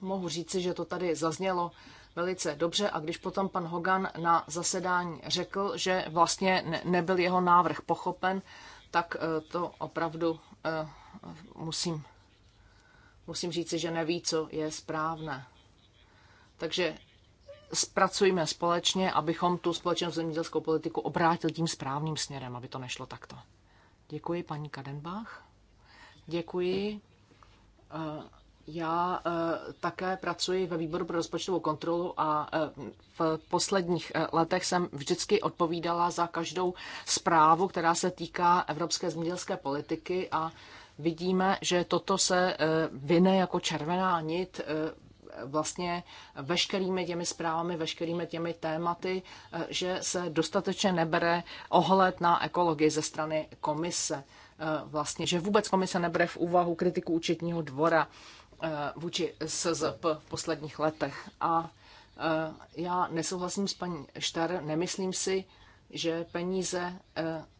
mohu říci, že to tady zaznělo velice dobře a když potom pan Hogan na zasedání řekl, že vlastně nebyl jeho návrh pochopen, tak to opravdu musím, musím říci, že neví, co je správné. Takže zpracujme společně, abychom tu společnou zemědělskou politiku obrátili tím správným směrem, aby to nešlo takto. Děkuji, paní Kadenbach. Děkuji. Eh, já eh, také pracuji ve výboru pro rozpočtovou kontrolu a eh, v posledních letech jsem vždycky odpovídala za každou zprávu, která se týká evropské zemědělské politiky a vidíme, že toto se vyne jako červená nit vlastně veškerými těmi zprávami, veškerými těmi tématy, eh, že se dostatečně nebere ohled na ekologii ze strany komise. Eh, vlastně, že vůbec komise nebere v úvahu kritiku účetního dvora eh, vůči SZP v posledních letech. A já nesouhlasím s paní Štar, nemyslím si, že peníze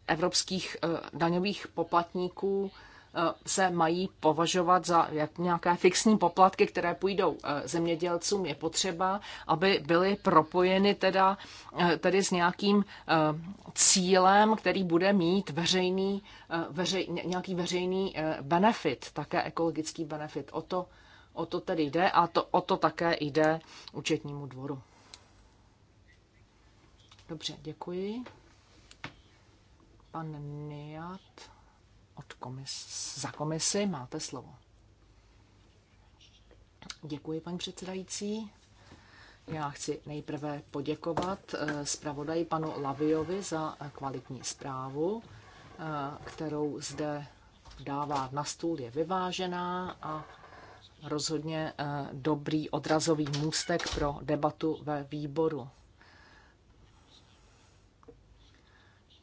evropských daňových poplatníků Eh, se mají považovat za nějaké fixní poplatky, které půjdou eh, zemědělcům, je potřeba, aby byly propojeny teda, eh, tedy s nějakým cílem, který bude mít veřejný, veřej, nějaký veřejný benefit, také ekologický benefit. O to, o to tedy jde a to, o to také jde účetnímu dvoru. Dobře, děkuji. Pan Niat od komis- za komisi. Máte slovo. Děkuji, paní předsedající. Já chci nejprve poděkovat eh, zpravodaji panu Laviovi za eh, kvalitní zprávu, eh, kterou zde dává na stůl, je vyvážená a rozhodně dobrý odrazový můstek pro debatu ve výboru.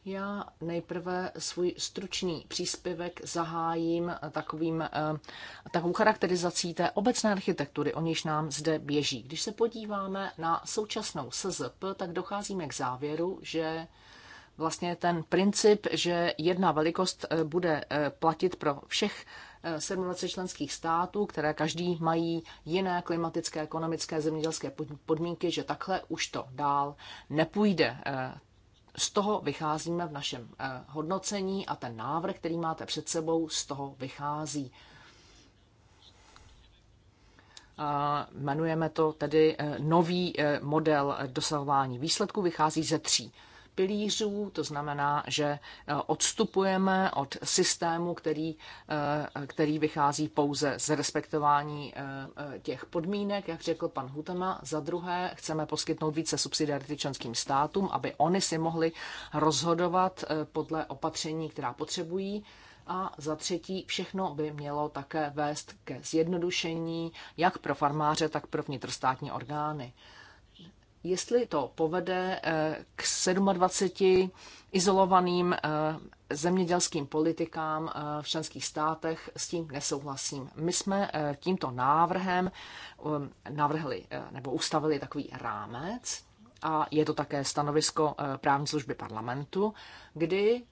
Já nejprve svůj stručný příspěvek zahájím takovým, eh, takovou charakterizací té obecné architektury, o níž nám zde běží. Když se podíváme na současnou SZP, tak docházíme k závěru, že vlastně ten princip, že jedna velikost eh, bude eh, platit pro všech 27 členských států, které každý mají jiné klimatické, ekonomické, zemědělské podmínky, že takhle už to dál nepůjde z toho vycházíme v našem eh, hodnocení a ten návrh, který máte před sebou, z toho vychází. Eh, jmenujeme to tedy eh, nový model dosahování výsledků, vychází ze tří pilířů, to znamená, že e, odstupujeme od systému, který, e, který vychází pouze z respektování e, těch podmínek, jak řekl pan Hutema. Za druhé, chceme poskytnout více subsidiarity členským státům, aby oni si mohli rozhodovat podle opatření, která potřebují. A za třetí, všechno by mělo také vést ke zjednodušení jak pro farmáře, tak pro vnitrostátní orgány jestli to povede eh, k 27 izolovaným eh, zemědělským politikám eh, v členských státech, s tím nesouhlasím. My jsme tímto návrhem um, navrhli nebo ustavili takový rámec, a je to také stanovisko právní služby parlamentu, kdy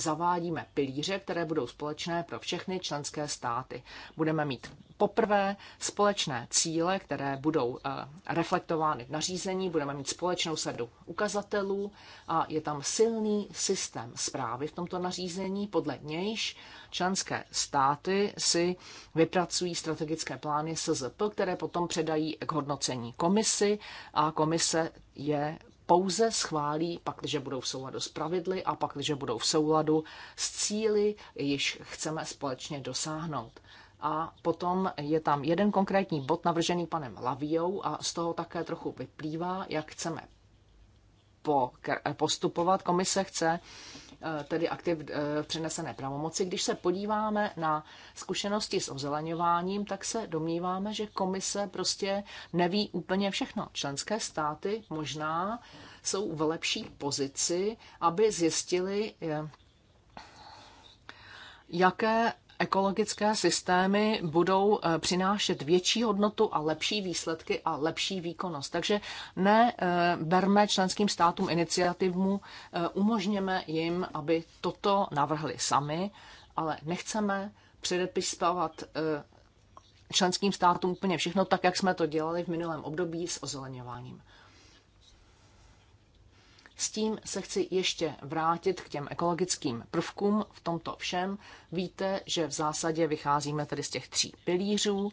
zavádíme pilíře, které budou společné pro všechny členské státy. Budeme mít poprvé společné cíle, které budou eh, reflektovány v nařízení, budeme mít společnou sadu ukazatelů a je tam silný systém zprávy v tomto nařízení, podle nějž členské státy si vypracují strategické plány SZP, které potom předají k hodnocení komisi a komise je pouze schválí, pak, když budou v souladu s pravidly a pak, když budou v souladu s cíly, již chceme společně dosáhnout. A potom je tam jeden konkrétní bod navržený panem Laviou a z toho také trochu vyplývá, jak chceme Eh, postupovat. Komise chce eh, tedy aktiv v eh, přenesené pravomoci. Když se podíváme na zkušenosti s ozeleňováním, tak se domníváme, že komise prostě neví úplně všechno. Členské státy možná jsou v lepší pozici, aby zjistili, jaké ekologické systémy budou eh, přinášet větší hodnotu a lepší výsledky a lepší výkonnost. Takže ne eh, berme členským státům iniciativu, eh, umožněme jim, aby toto navrhli sami, ale nechceme předepisovat členským státům úplně všechno tak, jak jsme to dělali v minulém období s ozeleňováním. S tím se chci ještě vrátit k těm ekologickým prvkům v tomto všem. Víte, že v zásadě vycházíme tedy z těch tří pilířů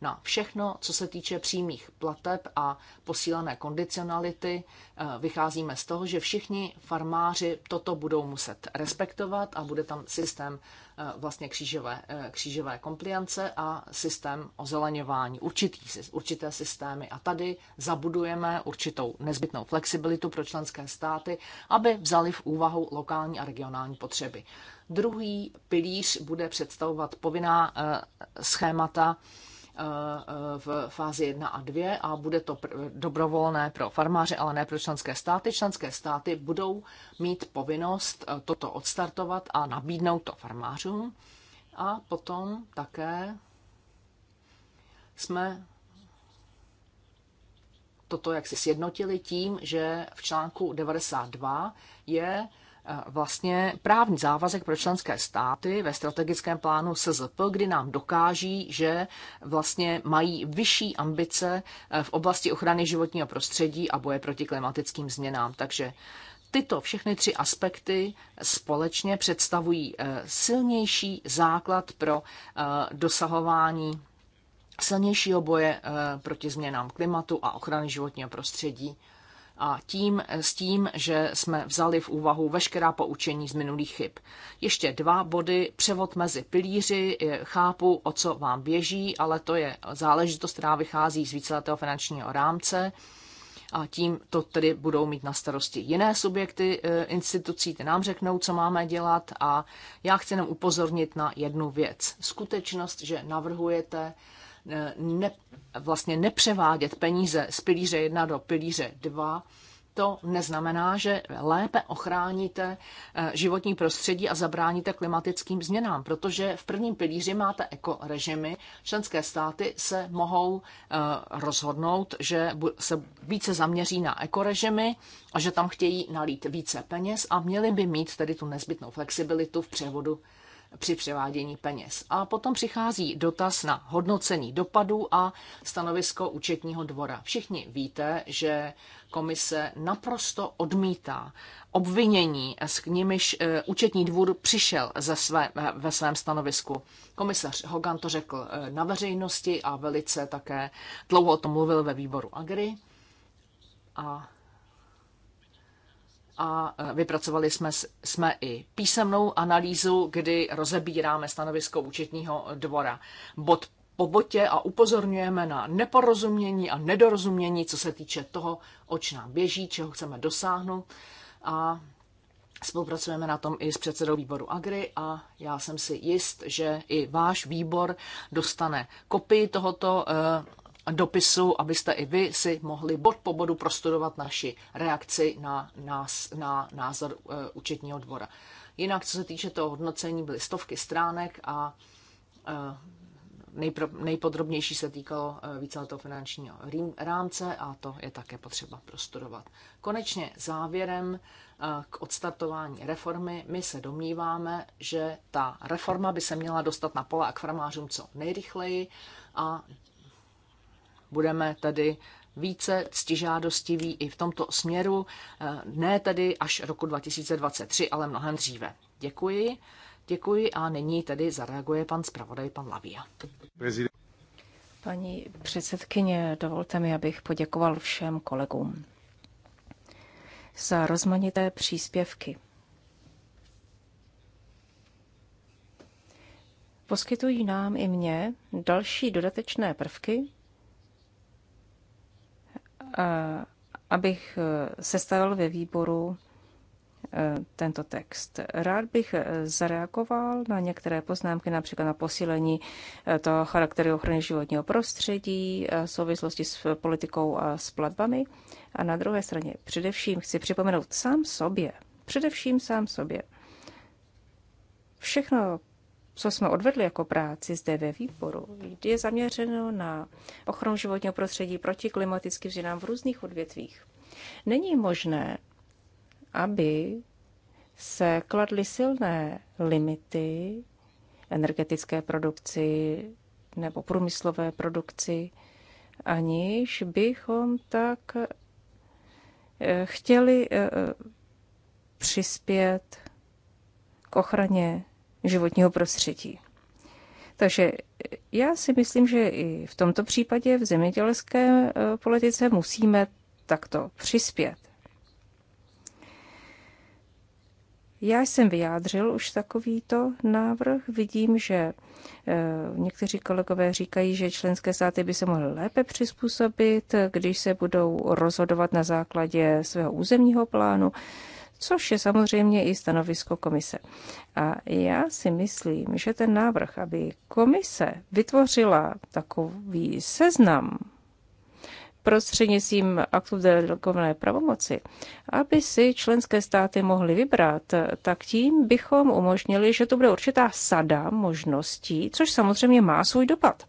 na všechno, co se týče přímých plateb a posílené kondicionality. Eh, vycházíme z toho, že všichni farmáři toto budou muset respektovat a bude tam systém eh, vlastně křížové, eh, křížové kompliance a systém ozeleňování, určitý, určité systémy. A tady zabudujeme určitou nezbytnou flexibilitu pro členské státy, aby vzali v úvahu lokální a regionální potřeby. Druhý pilíř bude představovat povinná schémata v fázi 1 a 2 a bude to dobrovolné pro farmáře, ale ne pro členské státy. Členské státy budou mít povinnost eh, toto odstartovat a nabídnout to farmářům. A potom také jsme toto jaksi sjednotili tím, že v článku 92 je vlastně právní závazek pro členské státy ve strategickém plánu SZP, kdy nám dokáží, že vlastně mají vyšší ambice eh, v oblasti ochrany životního prostředí a boje proti klimatickým změnám. Takže Tyto všechny tři aspekty společně představují eh, silnější základ pro eh, dosahování silnějšího boje proti změnám klimatu a ochrany životního prostředí a tím, s tím, že jsme vzali v úvahu veškerá poučení z minulých chyb. Ještě dva body, převod mezi pilíři, chápu, o co vám běží, ale to je záležitost, která vychází z víceletého finančního rámce a tím to tedy budou mít na starosti jiné subjekty e, institucí, ty nám řeknou, co máme dělat a já chci jenom upozornit na jednu věc. Skutečnost, že navrhujete ne, vlastně nepřevádět peníze z pilíře 1 do pilíře 2, to neznamená, že lépe ochráníte eh, životní prostředí a zabráníte klimatickým změnám, protože v prvním pilíři máte ekorežimy. Členské státy se mohou eh, rozhodnout, že se více zaměří na ekorežimy a že tam chtějí nalít více peněz a měli by mít tedy tu nezbytnou flexibilitu v převodu při převádění peněz. A potom přichází dotaz na hodnocení dopadů a stanovisko účetního dvora. Všichni víte, že komise naprosto odmítá obvinění, s nimiž e, účetní dvůr přišel ze své, ve svém stanovisku. Komisař Hogan to řekl e, na veřejnosti a velice také dlouho o tom mluvil ve výboru Agri. A a vypracovali jsme, jsme i písemnou analýzu, kdy rozebíráme stanovisko účetního dvora. Bod po botě a upozorňujeme na neporozumění a nedorozumění, co se týče toho, oč nám běží, čeho chceme dosáhnout. A Spolupracujeme na tom i s předsedou výboru Agri a já jsem si jist, že i váš výbor dostane kopii tohoto eh, dopisu, abyste i vy si mohli bod po bodu prostudovat naši reakci na, nás, na názor uh, účetního dvora. Jinak, co se týče toho hodnocení, byly stovky stránek a eh, nejpro, nejpodrobnější se týkalo uh, víceletého finančního rámce a to je také potřeba prostudovat. Konečně závěrem k odstartování reformy. My se domníváme, že ta reforma by se měla dostat na pole a k farmářům co nejrychleji a Budeme tedy více ctižádostiví i v tomto směru, eh, ne tedy až roku 2023, ale mnohem dříve. Děkuji. Děkuji a nyní tedy zareaguje pan zpravodaj, pan Lavia. Paní předsedkyně, dovolte mi, abych poděkoval všem kolegům za rozmanité příspěvky. Poskytují nám i mě další dodatečné prvky, abych e, sestavil ve výboru e, tento text. Rád bych e, zareagoval na některé poznámky, například na posílení toho charakteru ochrany životního prostředí, souvislosti s politikou a s platbami. A na druhé straně především chci připomenout sám sobě, především sám sobě. Všechno co jsme odvedli jako práci zde ve výboru, je zaměřeno na ochranu životního prostředí proti klimatickým změnám v různých odvětvích. Není možné, aby se kladly silné limity energetické produkci nebo průmyslové produkci, aniž bychom tak eh, chtěli eh, eh, přispět k ochraně životního prostředí. Takže já si myslím, že i v tomto případě v zemědělské e, politice musíme takto přispět. Já jsem vyjádřil už takovýto návrh. Vidím, že e, někteří kolegové říkají, že členské státy by se mohly lépe přizpůsobit, když se budou rozhodovat na základě svého územního plánu což je samozřejmě i stanovisko komise. A já si myslím, že ten návrh, aby komise vytvořila takový seznam prostřednictvím aktu delegované pravomoci, aby si členské státy mohly vybrat, tak tím bychom umožnili, že to bude určitá sada možností, což samozřejmě má svůj dopad.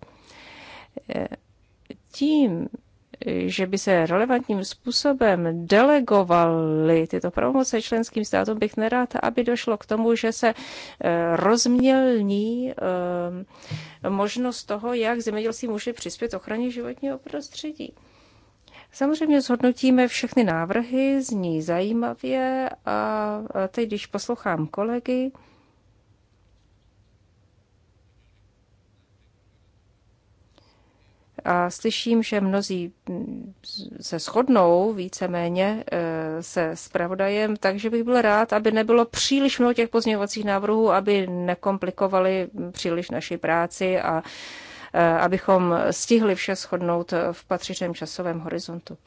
Tím že by se relevantním způsobem delegovaly tyto pravomoce členským státům, bych nerád, aby došlo k tomu, že se eh, rozmělní eh, možnost toho, jak zemědělci může přispět ochraně životního prostředí. Samozřejmě zhodnotíme všechny návrhy, zní zajímavě a teď, když poslouchám kolegy, A slyším, že mnozí mm, se shodnou víceméně e, se spravodajem, takže bych byl rád, aby nebylo příliš mnoho těch pozměňovacích návrhů, aby nekomplikovali příliš naši práci a e, abychom stihli vše shodnout v patřičném časovém horizontu.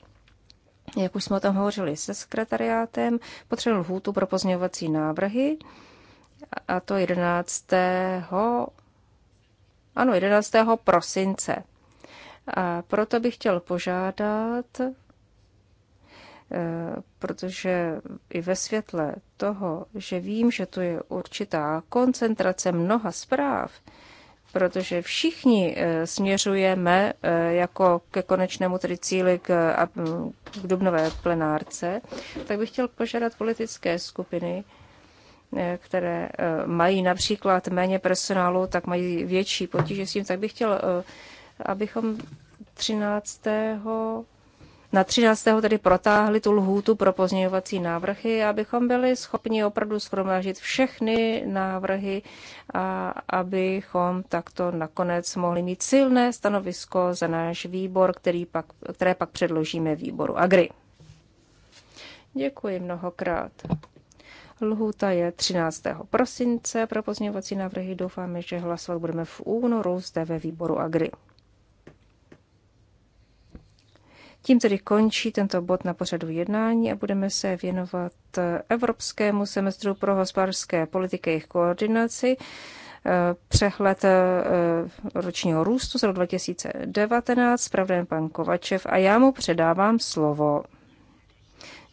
Jak už jsme o tom hovořili se sekretariátem, potřebuji lhůtu pro pozměňovací návrhy a to 11. Ano, 11. prosince a proto bych chtěl požádat, eh, protože i ve světle toho, že vím, že tu je určitá koncentrace mnoha zpráv, protože všichni eh, směřujeme eh, jako ke konečnému tedy cíli k, mm, k dubnové plenárce, tak bych chtěl požádat politické skupiny, které mají například méně personálu, tak mají větší potíže s tím, tak bych chtěl abychom 13. na 13. tedy protáhli tu lhůtu pro pozměňovací návrhy, abychom byli schopni opravdu schromážit všechny návrhy a abychom takto nakonec mohli mít silné stanovisko za náš výbor, který pak, které pak předložíme výboru Agri. Děkuji mnohokrát. Lhůta je 13. prosince pro pozměňovací návrhy. Doufáme, že hlasovat budeme v únoru zde ve výboru Agri. Tím tedy končí tento bod na pořadu jednání a budeme se věnovat eh, Evropskému semestru pro hospodářské politiky a jejich koordinaci eh, přehled eh, ročního růstu z roku 2019, pravda pan Kovačev a já mu předávám slovo.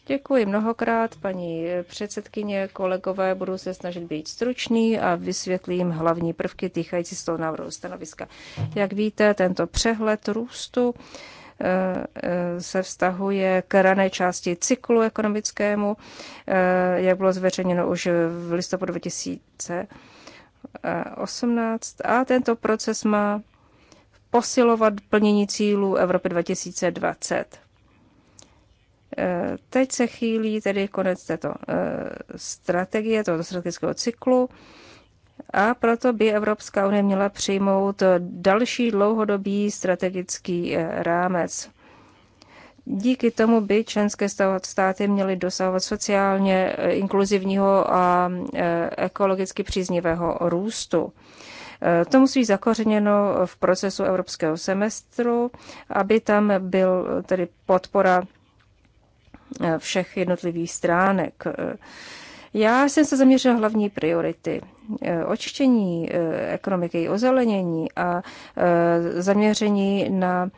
Děkuji mnohokrát, paní předsedkyně, kolegové, budu se snažit být stručný a vysvětlím hlavní prvky týkající z toho návrhu stanoviska. Jak víte, tento přehled růstu se vztahuje k rané části cyklu ekonomickému, eh, jak bylo zveřejněno už v listopadu 2018. A tento proces má posilovat plnění cílů Evropy 2020. Eh, teď se chýlí tedy konec této eh, strategie, tohoto strategického cyklu a proto by Evropská unie měla přijmout další dlouhodobý strategický eh, rámec. Díky tomu by členské státy měly dosahovat sociálně eh, inkluzivního a eh, ekologicky příznivého růstu. To musí být zakořeněno v procesu evropského semestru, aby tam byl tedy podpora všech jednotlivých stránek. Já jsem se zaměřila hlavní priority. E, očištění e, ekonomiky, ozelenění a e, zaměření na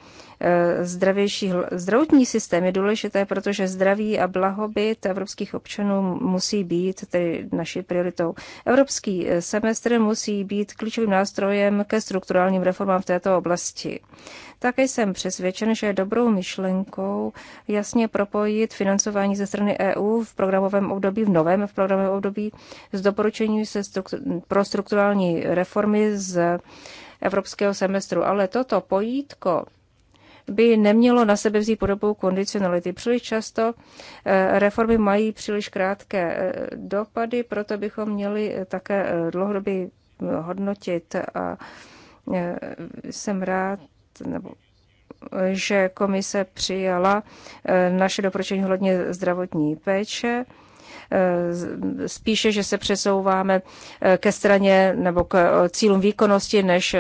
zdravější zdravotní systém je důležité, protože zdraví a blahobyt evropských občanů musí být tedy naší prioritou. Evropský semestr musí být klíčovým nástrojem ke strukturálním reformám v této oblasti. Také jsem přesvědčen, že je dobrou myšlenkou jasně propojit financování ze strany EU v programovém období, v novém v programovém období s doporučením se strukturálním pro strukturální reformy z evropského semestru. Ale toto pojítko by nemělo na sebe vzít podobou kondicionality. Příliš často eh, reformy mají příliš krátké eh, dopady, proto bychom měli eh, také dlouhodobě hodnotit a jsem rád, nebo že komise přijala naše doporučení hodně zdravotní péče Eh, spíše, že se přesouváme eh, ke straně nebo k eh, cílům výkonnosti, než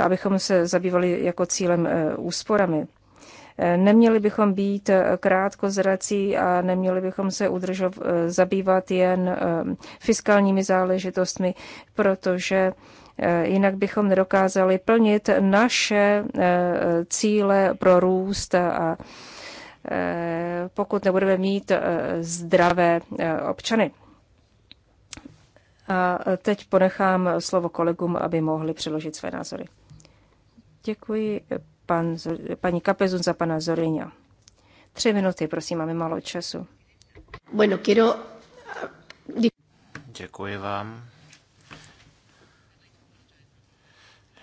abychom se zabývali jako cílem úsporami. Neměli bychom být krátkozrací a neměli bychom se udržov, zabývat jen fiskálními záležitostmi, protože jinak bychom nedokázali plnit naše cíle pro růst a Eh, pokud nebudeme mít eh, zdravé eh, občany. A teď ponechám slovo kolegům, aby mohli přeložit své názory. Děkuji pan, paní Kapezun za pana Zorinia. Tři minuty, prosím, máme málo času. Bueno, quiero... Děkuji vám.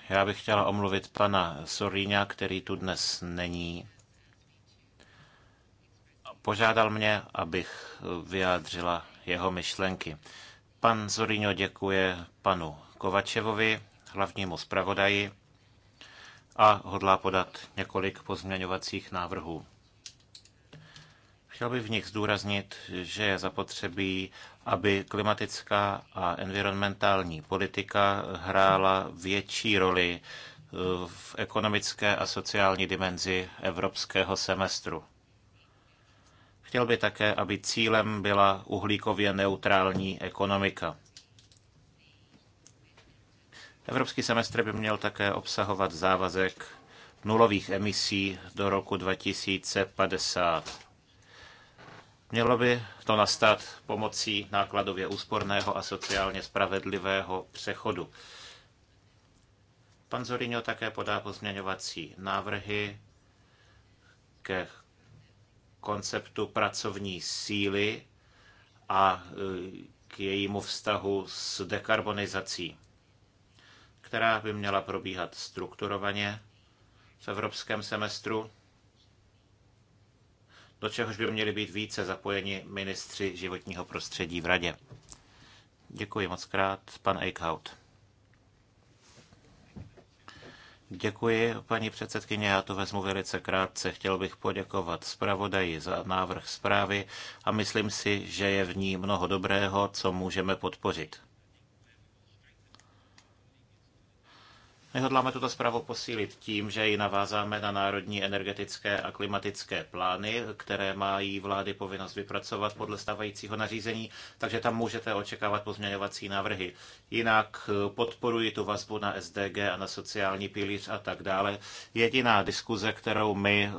Já bych chtěla omluvit pana Soríňa, který tu dnes není požádal mě, abych vyjádřila jeho myšlenky. Pan Zorino děkuje panu Kovačevovi, hlavnímu zpravodaji, a hodlá podat několik pozměňovacích návrhů. Chtěl bych v nich zdůraznit, že je zapotřebí, aby klimatická a environmentální politika hrála větší roli eh, v ekonomické a sociální dimenzi evropského semestru. Chtěl by také, aby cílem byla uhlíkově neutrální ekonomika. Evropský semestr by měl také obsahovat závazek nulových emisí do roku 2050. Mělo by to nastat pomocí nákladově úsporného a sociálně spravedlivého přechodu. Pan Zorino také podá pozměňovací návrhy ke konceptu pracovní síly a e, k jejímu vztahu s dekarbonizací, která by měla probíhat strukturovaně v evropském semestru, do čehož by měli být více zapojeni ministři životního prostředí v radě. Děkuji moc krát, pan Eichhout. Děkuji, paní předsedkyně, já to vezmu velice krátce. Chtěl bych poděkovat zpravodaji za návrh zprávy a myslím si, že je v ní mnoho dobrého, co můžeme podpořit. My hodláme tuto zprávu posílit tím, že ji navázáme na národní energetické a klimatické plány, které mají vlády povinnost vypracovat podle stávajícího nařízení, takže tam můžete očekávat pozměňovací návrhy. Jinak eh, podporuji tu vazbu na SDG a na sociální pilíř a tak dále. Jediná diskuze, kterou my eh,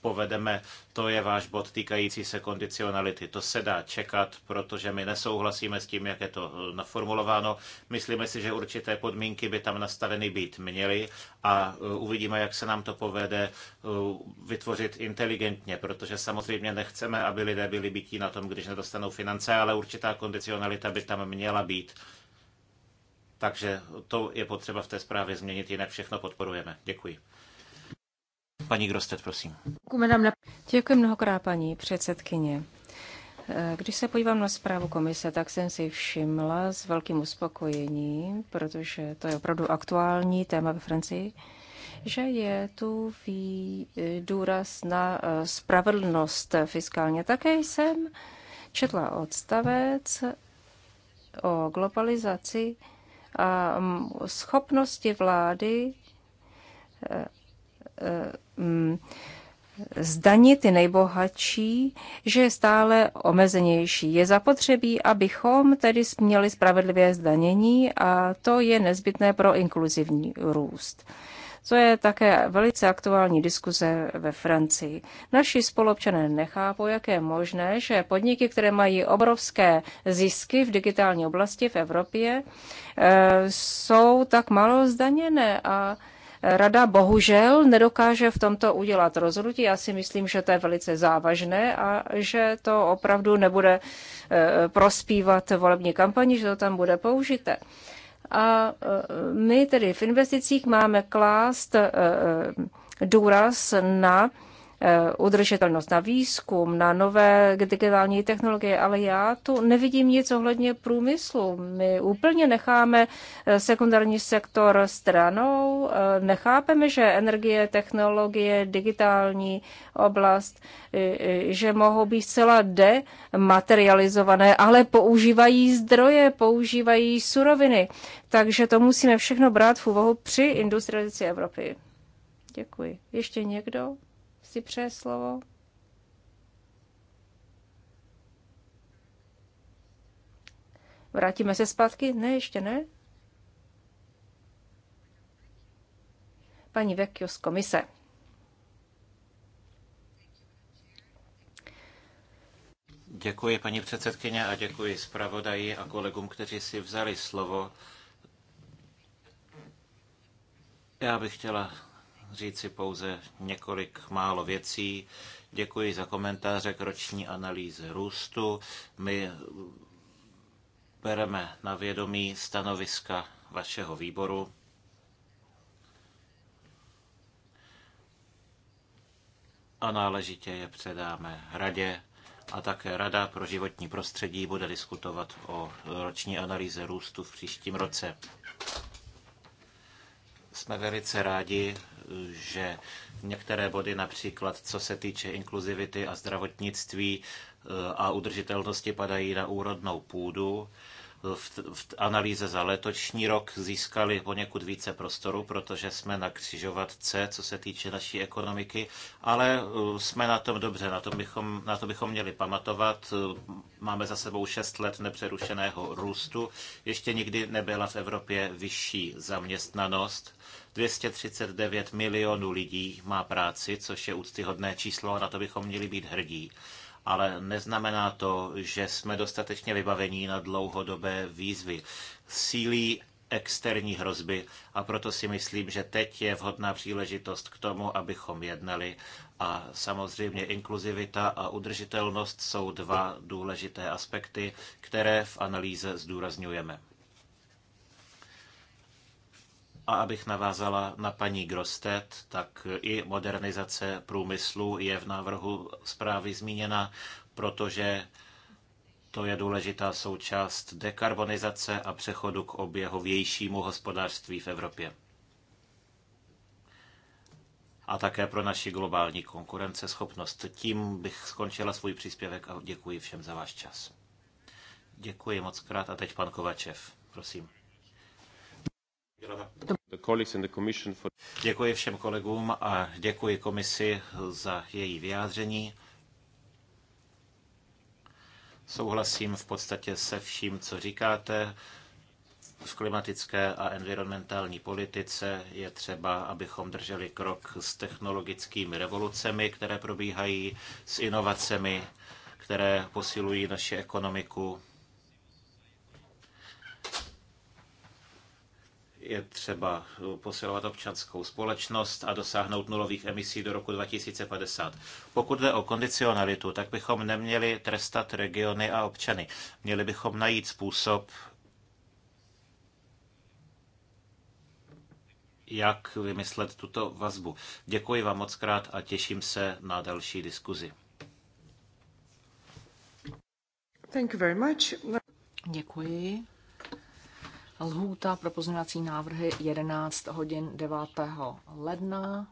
povedeme to je váš bod týkající se kondicionality. To se dá čekat, protože my nesouhlasíme s tím, jak je to eh, naformulováno. Myslíme si, že určité podmínky by tam nastaveny být měly a eh, uvidíme, jak se nám to povede eh, vytvořit inteligentně, protože samozřejmě nechceme, aby lidé byli bytí na tom, když nedostanou finance, ale určitá kondicionalita by tam měla být. Takže to je potřeba v té zprávě změnit, jinak všechno podporujeme. Děkuji. Paní Grostet, prosím. Děkuji mnohokrát, paní předsedkyně. Když se podívám na zprávu komise, tak jsem si všimla s velkým uspokojením, protože to je opravdu aktuální téma ve Francii, že je tu e, důraz na e, spravedlnost fiskálně. Také jsem četla odstavec o globalizaci a schopnosti vlády e, Eh, mm, zdanit ty nejbohatší, že je stále omezenější. Je zapotřebí, abychom tedy měli spravedlivé zdanění a to je nezbytné pro inkluzivní růst. To je také velice aktuální diskuze ve Francii. Naši spolupčané nechápou, jak je možné, že podniky, které mají obrovské zisky v digitální oblasti v Evropě, eh, jsou tak malo zdaněné a Rada bohužel nedokáže v tomto udělat rozhodnutí. Já si myslím, že to je velice závažné a že to opravdu nebude eh, prospívat volební kampani, že to tam bude použité. A eh, my tedy v investicích máme klást eh, důraz na Eh, udržitelnost, na výzkum, na nové digitální technologie, ale já tu nevidím nic ohledně průmyslu. My úplně necháme eh, sekundární sektor stranou, eh, nechápeme, že energie, technologie, digitální oblast, že mohou být zcela dematerializované, ale používají zdroje, používají suroviny. Takže to musíme všechno brát v úvahu při industrializaci Evropy. Děkuji. Ještě někdo? si přeje slovo. Vrátíme se zpátky? Ne, ještě ne. Paní Vekio z komise. Děkuji paní předsedkyně a děkuji zpravodaji a kolegům, kteří si vzali slovo. Já bych chtěla říci pouze několik málo věcí. Děkuji za komentáře k roční analýze růstu. My bereme na vědomí stanoviska vašeho výboru. A náležitě je předáme radě a také Rada pro životní prostředí bude diskutovat o roční analýze růstu v příštím roce. Jsme velice rádi, že některé body, například co se týče inkluzivity a zdravotnictví e, a udržitelnosti, padají na úrodnou půdu v, v analýze za letošní rok získali poněkud více prostoru, protože jsme na křižovatce, co se týče naší ekonomiky, ale uh, jsme na tom dobře, na to bychom, na to bychom měli pamatovat. Uh, máme za sebou 6 let nepřerušeného růstu. Ještě nikdy nebyla v Evropě vyšší zaměstnanost. 239 milionů lidí má práci, což je úctyhodné číslo a na to bychom měli být hrdí ale neznamená to, že jsme dostatečně vybavení na dlouhodobé výzvy. Sílí externí hrozby a proto si myslím, že teď je vhodná příležitost k tomu, abychom jednali. A samozřejmě inkluzivita a udržitelnost jsou dva důležité aspekty, které v analýze zdůrazňujeme. A abych navázala na paní Grostet, tak i modernizace průmyslu je v návrhu zprávy zmíněna, protože to je důležitá součást dekarbonizace a přechodu k oběhovějšímu hospodářství v Evropě. A také pro naši globální konkurenceschopnost. Tím bych skončila svůj příspěvek a děkuji všem za váš čas. Děkuji moc krát a teď pan Kovačev, prosím. Děkuji všem kolegům a děkuji komisi za její vyjádření. Souhlasím v podstatě se vším, co říkáte. V klimatické a environmentální politice je třeba, abychom drželi krok s technologickými revolucemi, které probíhají, s inovacemi, které posilují naši ekonomiku je třeba posilovat občanskou společnost a dosáhnout nulových emisí do roku 2050. Pokud jde o kondicionalitu, tak bychom neměli trestat regiony a občany. Měli bychom najít způsob, jak vymyslet tuto vazbu. Děkuji vám moc krát a těším se na další diskuzi. Thank you very much. Děkuji. Lhůta pro pozměňovací návrhy 11 hodin 9. ledna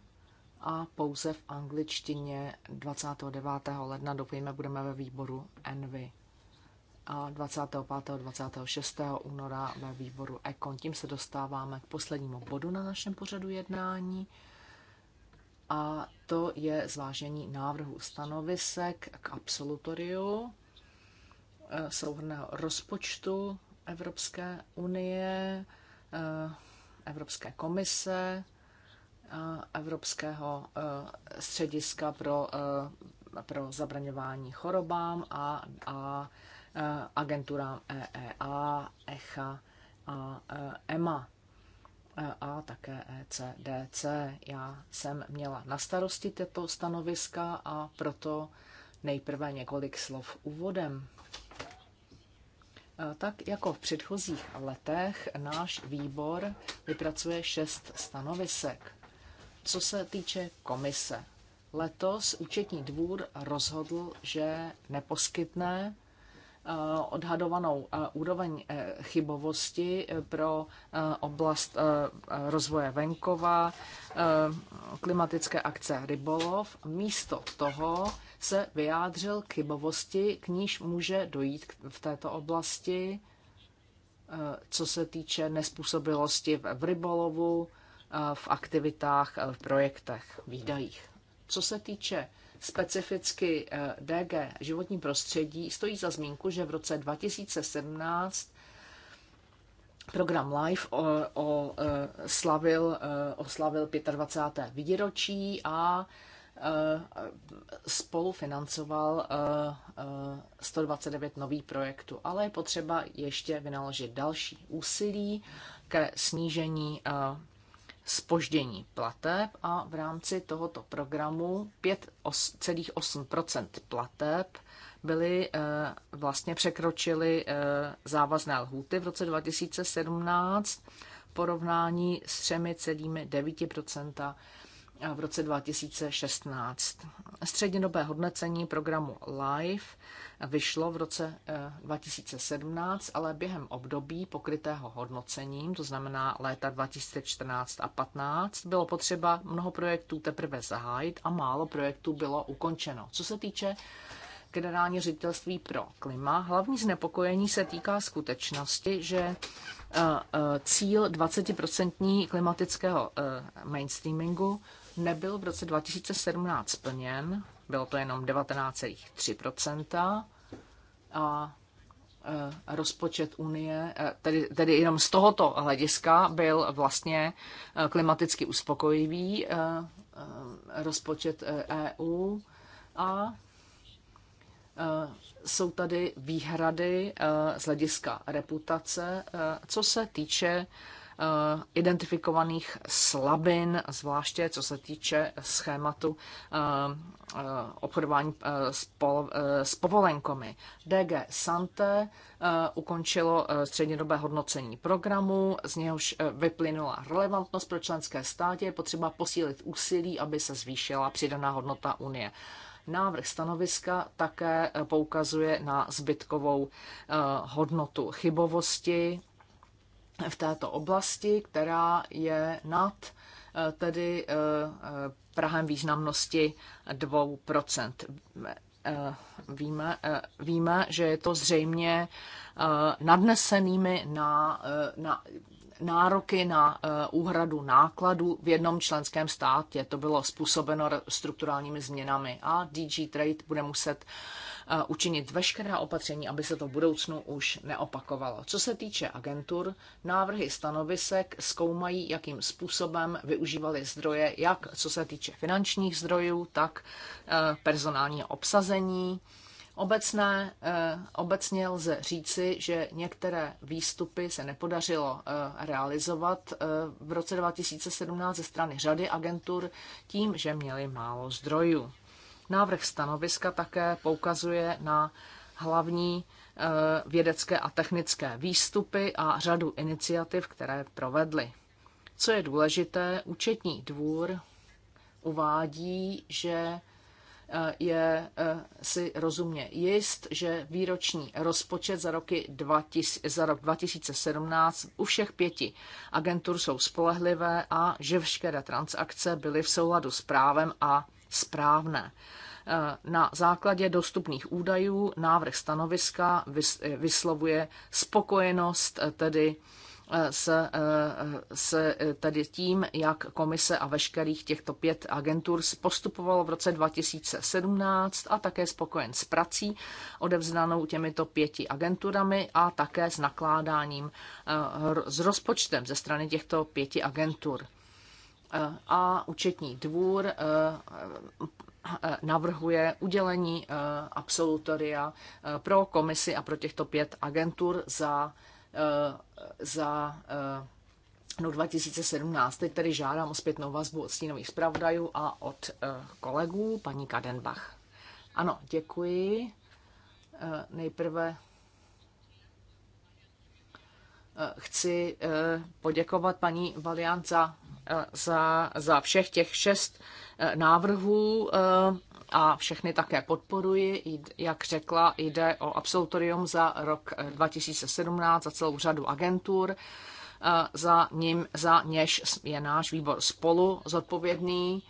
a pouze v angličtině 29. ledna, doufejme, budeme ve výboru Envy a 25. a 26. února ve výboru Ekon. Tím se dostáváme k poslednímu bodu na našem pořadu jednání a to je zvážení návrhu stanovisek k absolutoriu eh, souhrného rozpočtu Evropské unie, eh, Evropské komise, eh, Evropského eh, střediska pro, pro zabraňování chorobám a, a agenturám EEA, ECHA e a EMA e a také ECDC. Já jsem měla na starosti tyto stanoviska a proto nejprve několik slov úvodem. Eh, tak jako v předchozích letech náš výbor vypracuje šest stanovisek. Co se týče komise, letos účetní dvůr rozhodl, že neposkytne Eh, odhadovanou eh, úroveň eh, chybovosti pro oblast rozvoje venkova, klimatické akce rybolov. Místo toho se vyjádřil k chybovosti, k níž může dojít v této oblasti, co se týče nespůsobilosti v rybolovu, v aktivitách, v projektech, výdajích. Co se týče specificky eh, DG životní prostředí, stojí za zmínku, že v roce 2017 program LIFE eh, o, o, eh, slavil, oslavil 25. výročí a spolufinancoval 129 nových projektů, ale je potřeba ještě vynaložit další úsilí ke snížení spoždění plateb a v rámci tohoto programu 5,8 plateb byly eh, vlastně překročily eh, závazné lhůty v roce 2017 v porovnání s 3,9 v roce 2016. Střednědobé hodnocení programu LIFE vyšlo v roce 2017, eh, ale během období pokrytého hodnocením, to znamená léta 2014 a 15, bylo potřeba mnoho projektů teprve zahájit a málo projektů bylo ukončeno. Co se týče generální ředitelství pro klima. Hlavní znepokojení se týká skutečnosti, že eh, eh, cíl 20% klimatického mainstreamingu nebyl v roce 2017 splněn, bylo to jenom 19,3 a e, rozpočet Unie, e, tedy, tedy jenom z tohoto hlediska byl vlastně e, klimaticky uspokojivý rozpočet EU a jsou tady výhrady z hlediska reputace, co se týče Eh, identifikovaných slabin, zvláště co se týče schématu eh, eh, obchodování s povolenkami. DG Sante ukončilo střednědobé hodnocení programu, z něhož vyplynula relevantnost pro členské státy, je potřeba posílit úsilí, aby se zvýšila přidaná hodnota Unie. Návrh stanoviska také poukazuje na zbytkovou hodnotu chybovosti v této oblasti, která je nad eh, tedy eh, eh, Prahem významnosti 2%. Víme, víme, že je to zřejmě nadnesenými na, na nároky na úhradu nákladů v jednom členském státě. To bylo způsobeno strukturálními změnami a DG Trade bude muset učinit veškerá opatření, aby se to v budoucnu už neopakovalo. Co se týče agentur, návrhy stanovisek zkoumají, jakým způsobem využívali zdroje, jak co se týče finančních zdrojů, tak eh, personální obsazení. Obecné, eh, obecně lze říci, že některé výstupy se nepodařilo eh, realizovat v roce 2017 ze strany řady agentur tím, že měli málo zdrojů. Návrh stanoviska také poukazuje na hlavní eh, vědecké a technické výstupy a řadu iniciativ, které provedly. Co je důležité, účetní dvůr uvádí, že eh, je eh, si rozumně jist, že výroční rozpočet za, roky 2000, za rok 2017 u všech pěti agentur jsou spolehlivé a že veškeré transakce byly v souladu s právem a správné. Eh, na základě dostupných údajů návrh stanoviska eh, vyslovuje spokojenost eh, tedy s, s tedy tím, jak komise a veškerých těchto pět agentur postupovalo v roce 2017 a také spokojen s prací odevzdanou těmito pěti agenturami a také s nakládáním s rozpočtem ze strany těchto pěti agentur. Eh, a účetní dvůr eh, eh, navrhuje udělení absolutoria pro komisi a pro těchto pět agentur za, za no 2017. Teď tedy žádám o zpětnou vazbu od stínových zpravodajů a od kolegů, paní Kadenbach. Ano, děkuji. Nejprve chci poděkovat paní Valiant za za, za všech těch šest eh, návrhů eh, a všechny také podporuji. Jak řekla, jde o absolutorium za rok 2017 eh, za celou řadu agentur. Za, ním, za něž je náš výbor spolu zodpovědný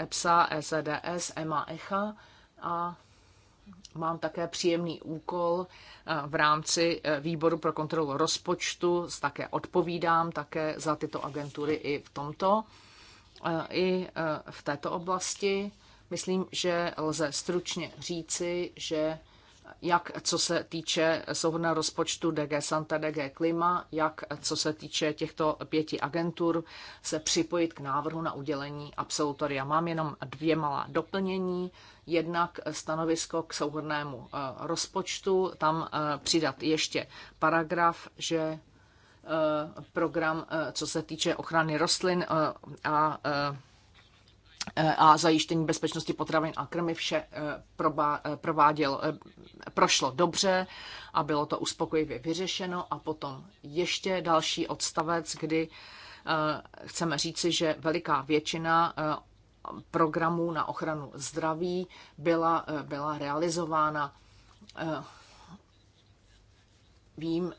EPSA, ECDS, EMA, ECHA a e Mám také příjemný úkol eh, v rámci eh, výboru pro kontrolu rozpočtu, také odpovídám také za tyto agentury i v tomto, eh, i v této oblasti. Myslím, že lze stručně říci, že jak co se týče souhrnného rozpočtu DG Santa, DG Klima, jak co se týče těchto pěti agentur, se připojit k návrhu na udělení absolutoria. Mám jenom dvě malá doplnění. Jednak stanovisko k souhrnému eh, rozpočtu, tam eh, přidat ještě paragraf, že eh, program, co se týče ochrany rostlin a Eh, a zajištění bezpečnosti potravin a krmy vše eh, eh, prováděl, prošlo dobře a bylo to uspokojivě vyřešeno. A potom ještě další odstavec, kdy chceme říci, že veliká většina programů na ochranu zdraví byla, byla realizována. Vím,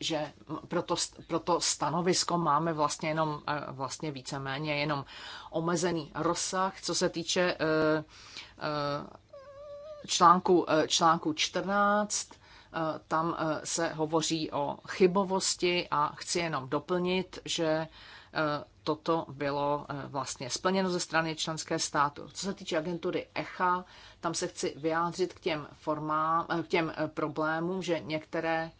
že proto, proto stanovisko máme vlastně jenom eh, vlastně víceméně jenom omezený rozsah, co se týče eh, eh, článku, článku 14, tam se hovoří o chybovosti a chci jenom doplnit, že toto bylo vlastně splněno ze strany členské státu. Co se týče agentury ECHA, tam se chci vyjádřit k těm, formám, k těm problémům, že některé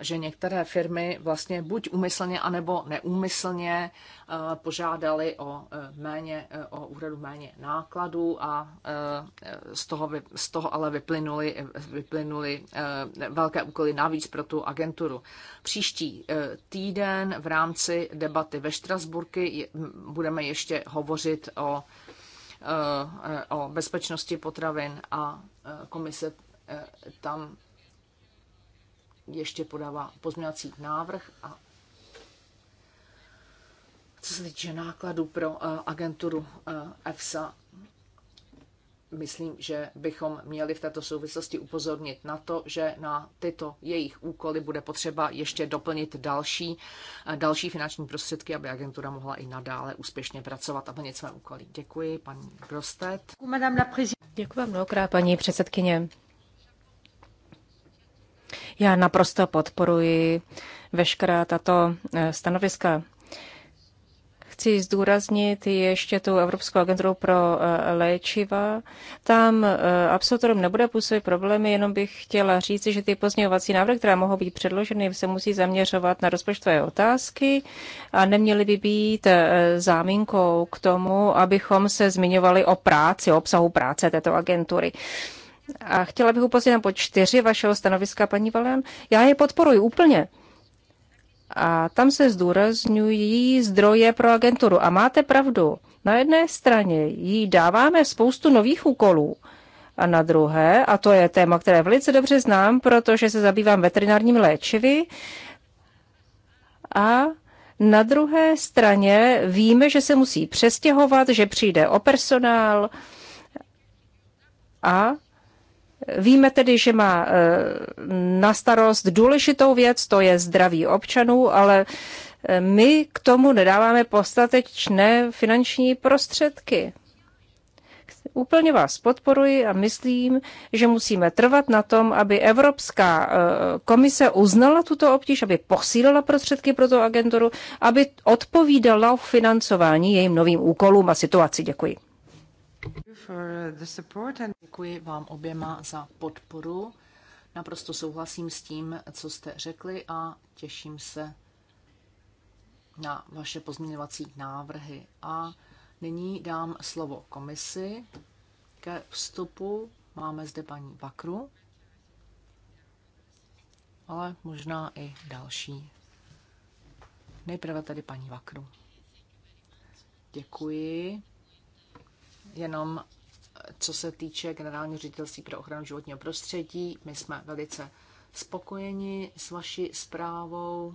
že některé firmy vlastně buď umyslně anebo neúmyslně e, požádali o e, méně, e, o úhradu méně nákladů a z toho, z toho ale vyplynuli, vyplynuli velké úkoly navíc pro tu agenturu. Příští týden v rámci debaty ve Štrasburky budeme ještě hovořit o o bezpečnosti potravin a komise tam ještě podává pozměňovací návrh a co se týče nákladu pro eh, agenturu eh, EFSA, myslím, že bychom měli v této souvislosti upozornit na to, že na tyto jejich úkoly bude potřeba ještě doplnit další, eh, další finanční prostředky, aby agentura mohla i nadále úspěšně pracovat a plnit své úkoly. Děkuji, paní Grostet. Děkuji vám mnohokrát, paní předsedkyně. Já naprosto podporuji veškerá tato eh, stanoviska. Chci zdůraznit ještě tu Evropskou agenturu pro eh, léčiva. Tam eh, absolutorům nebude působit problémy, jenom bych chtěla říct, že ty pozměňovací návrhy, které mohou být předloženy, se musí zaměřovat na rozpočtové otázky a neměly by být záminkou k tomu, abychom se zmiňovali o práci, o obsahu práce této agentury. A chtěla bych upozornit na bod 4 vašeho stanoviska, paní Valen. Já je podporuji úplně. A tam se zdůrazňují zdroje pro agenturu. A máte pravdu. Na jedné straně jí dáváme spoustu nových úkolů, a na druhé, a to je téma, které velice dobře znám, protože se zabývám veterinárními léčivy, a na druhé straně víme, že se musí přestěhovat, že přijde o personál a Víme tedy, že má eh, na starost důležitou věc, to je zdraví občanů, ale eh, my k tomu nedáváme postatečné finanční prostředky. Úplně vás podporuji a myslím, že musíme trvat na tom, aby Evropská eh, komise uznala tuto obtíž, aby posílila prostředky pro tu agenturu, aby odpovídala financování jejím novým úkolům a situaci. Děkuji. Uh, Děkuji vám oběma za podporu. Naprosto souhlasím s tím, co jste řekli a těším se na vaše pozměňovací návrhy. A nyní dám slovo komisi. Ke vstupu máme zde paní Bakru, ale možná i další. Nejprve tady paní Vakru. Děkuji jenom co se týče generálního ředitelství pro ochranu životního prostředí, my jsme velice spokojeni s vaší zprávou.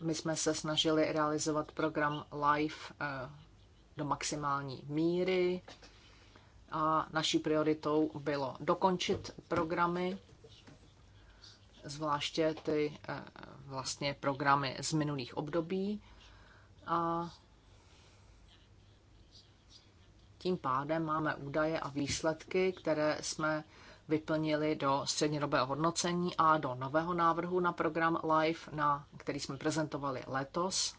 My jsme se snažili realizovat program LIFE eh, do maximální míry a naší prioritou bylo dokončit programy zvláště ty eh, vlastně programy z minulých období. A tím pádem máme údaje a výsledky, které jsme vyplnili do střednědobého hodnocení a do nového návrhu na program LIFE, na, který jsme prezentovali letos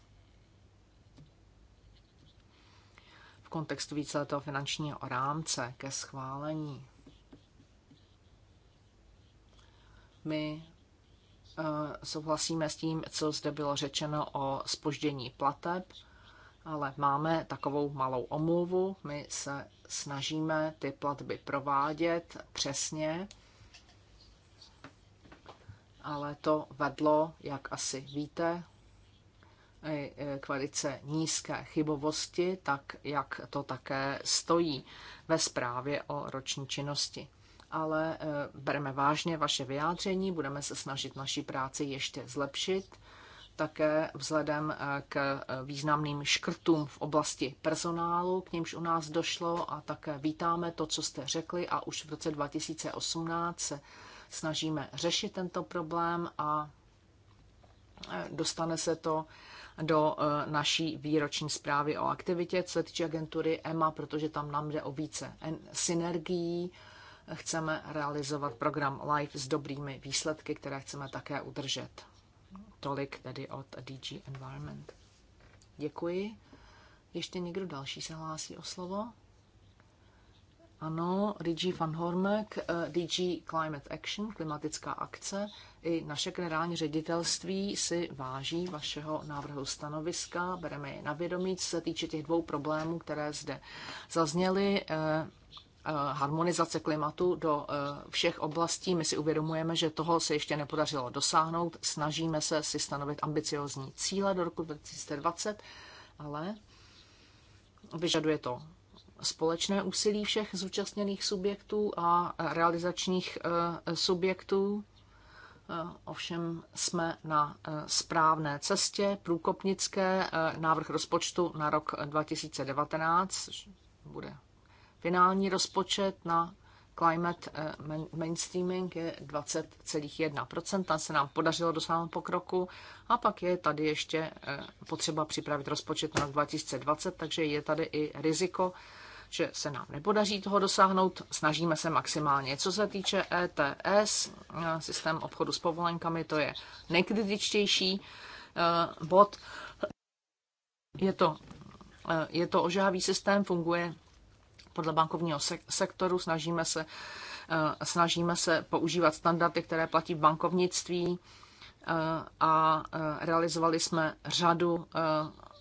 v kontextu víceletého finančního rámce ke schválení. My Eh, souhlasíme s tím, co zde bylo řečeno o spoždění plateb, ale máme takovou malou omluvu. My se snažíme ty platby provádět přesně, ale to vedlo, jak asi víte, k velice nízké chybovosti, tak jak to také stojí ve zprávě o roční činnosti ale eh, bereme vážně vaše vyjádření, budeme se snažit naší práci ještě zlepšit, také vzhledem eh, k eh, významným škrtům v oblasti personálu, k nímž u nás došlo a také vítáme to, co jste řekli a už v roce 2018 se snažíme řešit tento problém a dostane se to do naší výroční zprávy o aktivitě, co se týče agentury EMA, protože tam nám jde o více synergií chceme realizovat program LIFE s dobrými výsledky, které chceme také udržet. Tolik tedy od DG Environment. Děkuji. Ještě někdo další se hlásí o slovo? Ano, DG Van Hormek, eh, DG Climate Action, klimatická akce, i naše generální ředitelství si váží vašeho návrhu stanoviska, bereme je na vědomí, co se týče těch dvou problémů, které zde zazněly, eh, Eh, harmonizace klimatu do eh, všech oblastí. My si uvědomujeme, že toho se ještě nepodařilo dosáhnout. Snažíme se si stanovit ambiciozní cíle do roku 2020, ale vyžaduje to společné úsilí všech zúčastněných subjektů a realizačních eh, subjektů. Ovšem jsme na správné cestě, průkopnické. Návrh rozpočtu na rok 2019 bude Finální rozpočet na climate eh, mainstreaming je 20,1%, se nám podařilo dosáhnout pokroku a pak je tady ještě eh, potřeba připravit rozpočet na 2020, takže je tady i riziko, že se nám nepodaří toho dosáhnout, snažíme se maximálně. Co se týče ETS, eh, systém obchodu s povolenkami, to je nejkritičtější bod. Je to, je to ožávý systém, funguje podle bankovního sektoru, snažíme se, eh, snažíme se používat standardy, které platí v bankovnictví eh, a eh, realizovali jsme řadu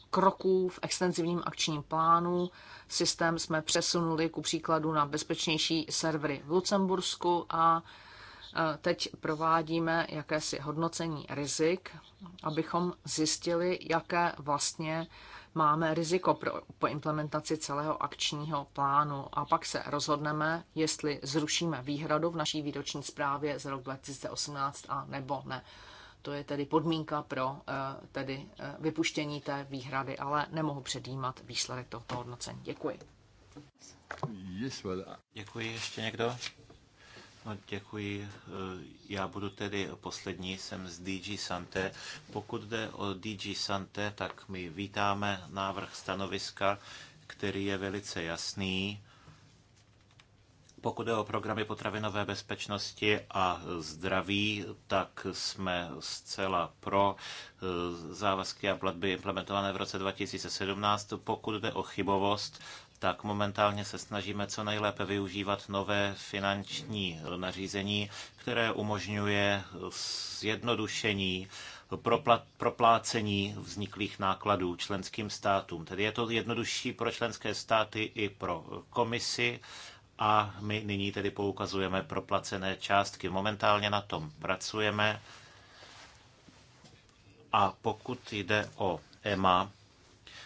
kroků v extenzivním akčním plánu. Systém jsme přesunuli ku příkladu na bezpečnější servery v Lucembursku a teď provádíme jakési hodnocení rizik, abychom zjistili, jaké vlastně máme riziko pro, po implementaci celého akčního plánu a pak se rozhodneme, jestli zrušíme výhradu v naší výroční zprávě z roku 2018 a nebo ne. To je tedy podmínka pro eh, tedy eh, vypuštění té výhrady, ale nemohu předjímat výsledek tohoto hodnocení. Děkuji. Uh, Děkuji. Ještě někdo? No, děkuji. Eh, já budu tedy poslední, jsem z DG Sante. Pokud jde o DG Sante, tak my vítáme návrh stanoviska, který je velice jasný. Pokud jde o programy potravinové bezpečnosti a zdraví, tak jsme zcela pro eh, závazky a platby implementované v roce 2017. Pokud jde o chybovost, tak momentálně se snažíme co nejlépe využívat nové finanční nařízení, které umožňuje zjednodušení proplácení vzniklých nákladů členským státům. Tedy je to jednodušší pro členské státy i pro komisi a my nyní tedy poukazujeme proplacené částky. Momentálně na tom pracujeme a pokud jde o EMA,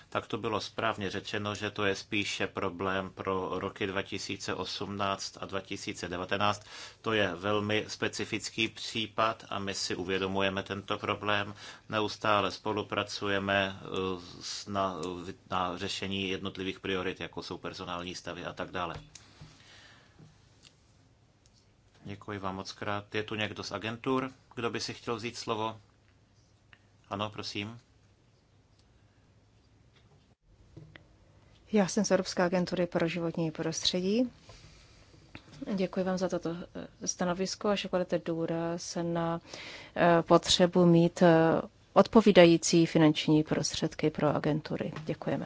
tak to bylo správně řečeno, že to je spíše problém pro roky 2018 a 2019. To je velmi specifický případ a my si uvědomujeme tento problém. Neustále spolupracujeme e, na, na řešení jednotlivých priorit, jako jsou personální stavy a tak dále. Děkuji vám moc krát. Je tu někdo z agentur, kdo by si chtěl vzít slovo? Ano, prosím. Já jsem z Evropské agentury pro životní prostředí. Děkuji vám za toto eh, stanovisko a že kladete důraz na eh, potřebu mít eh, odpovídající finanční prostředky pro agentury. Děkujeme.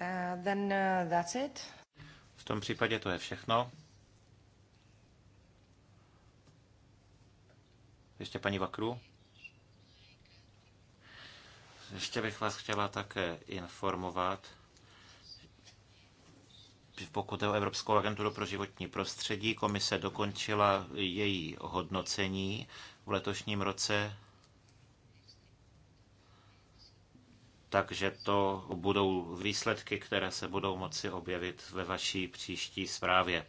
Uh, then, uh, that's it. V tom případě to je všechno. Ještě paní Vakru. Ještě bych vás chtěla také informovat, pokud je o Evropskou agenturu pro životní prostředí, komise dokončila její hodnocení v letošním roce, takže to budou výsledky, které se budou moci objevit ve vaší příští zprávě.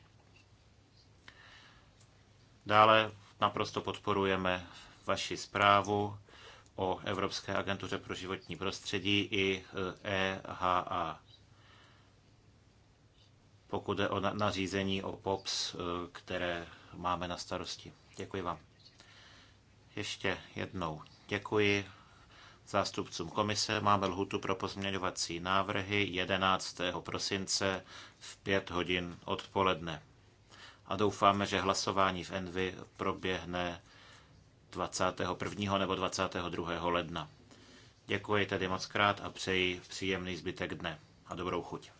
Dále naprosto podporujeme vaši zprávu o Evropské agentuře pro životní prostředí i EHA. E Pokud je o nařízení o POPS, e, které máme na starosti. Děkuji vám. Ještě jednou děkuji zástupcům komise. Máme lhutu pro pozměňovací návrhy 11. prosince v 5 hodin odpoledne. A doufáme, že hlasování v Envy proběhne 21. nebo 22. ledna. Děkuji tedy moc krát a přeji příjemný zbytek dne a dobrou chuť.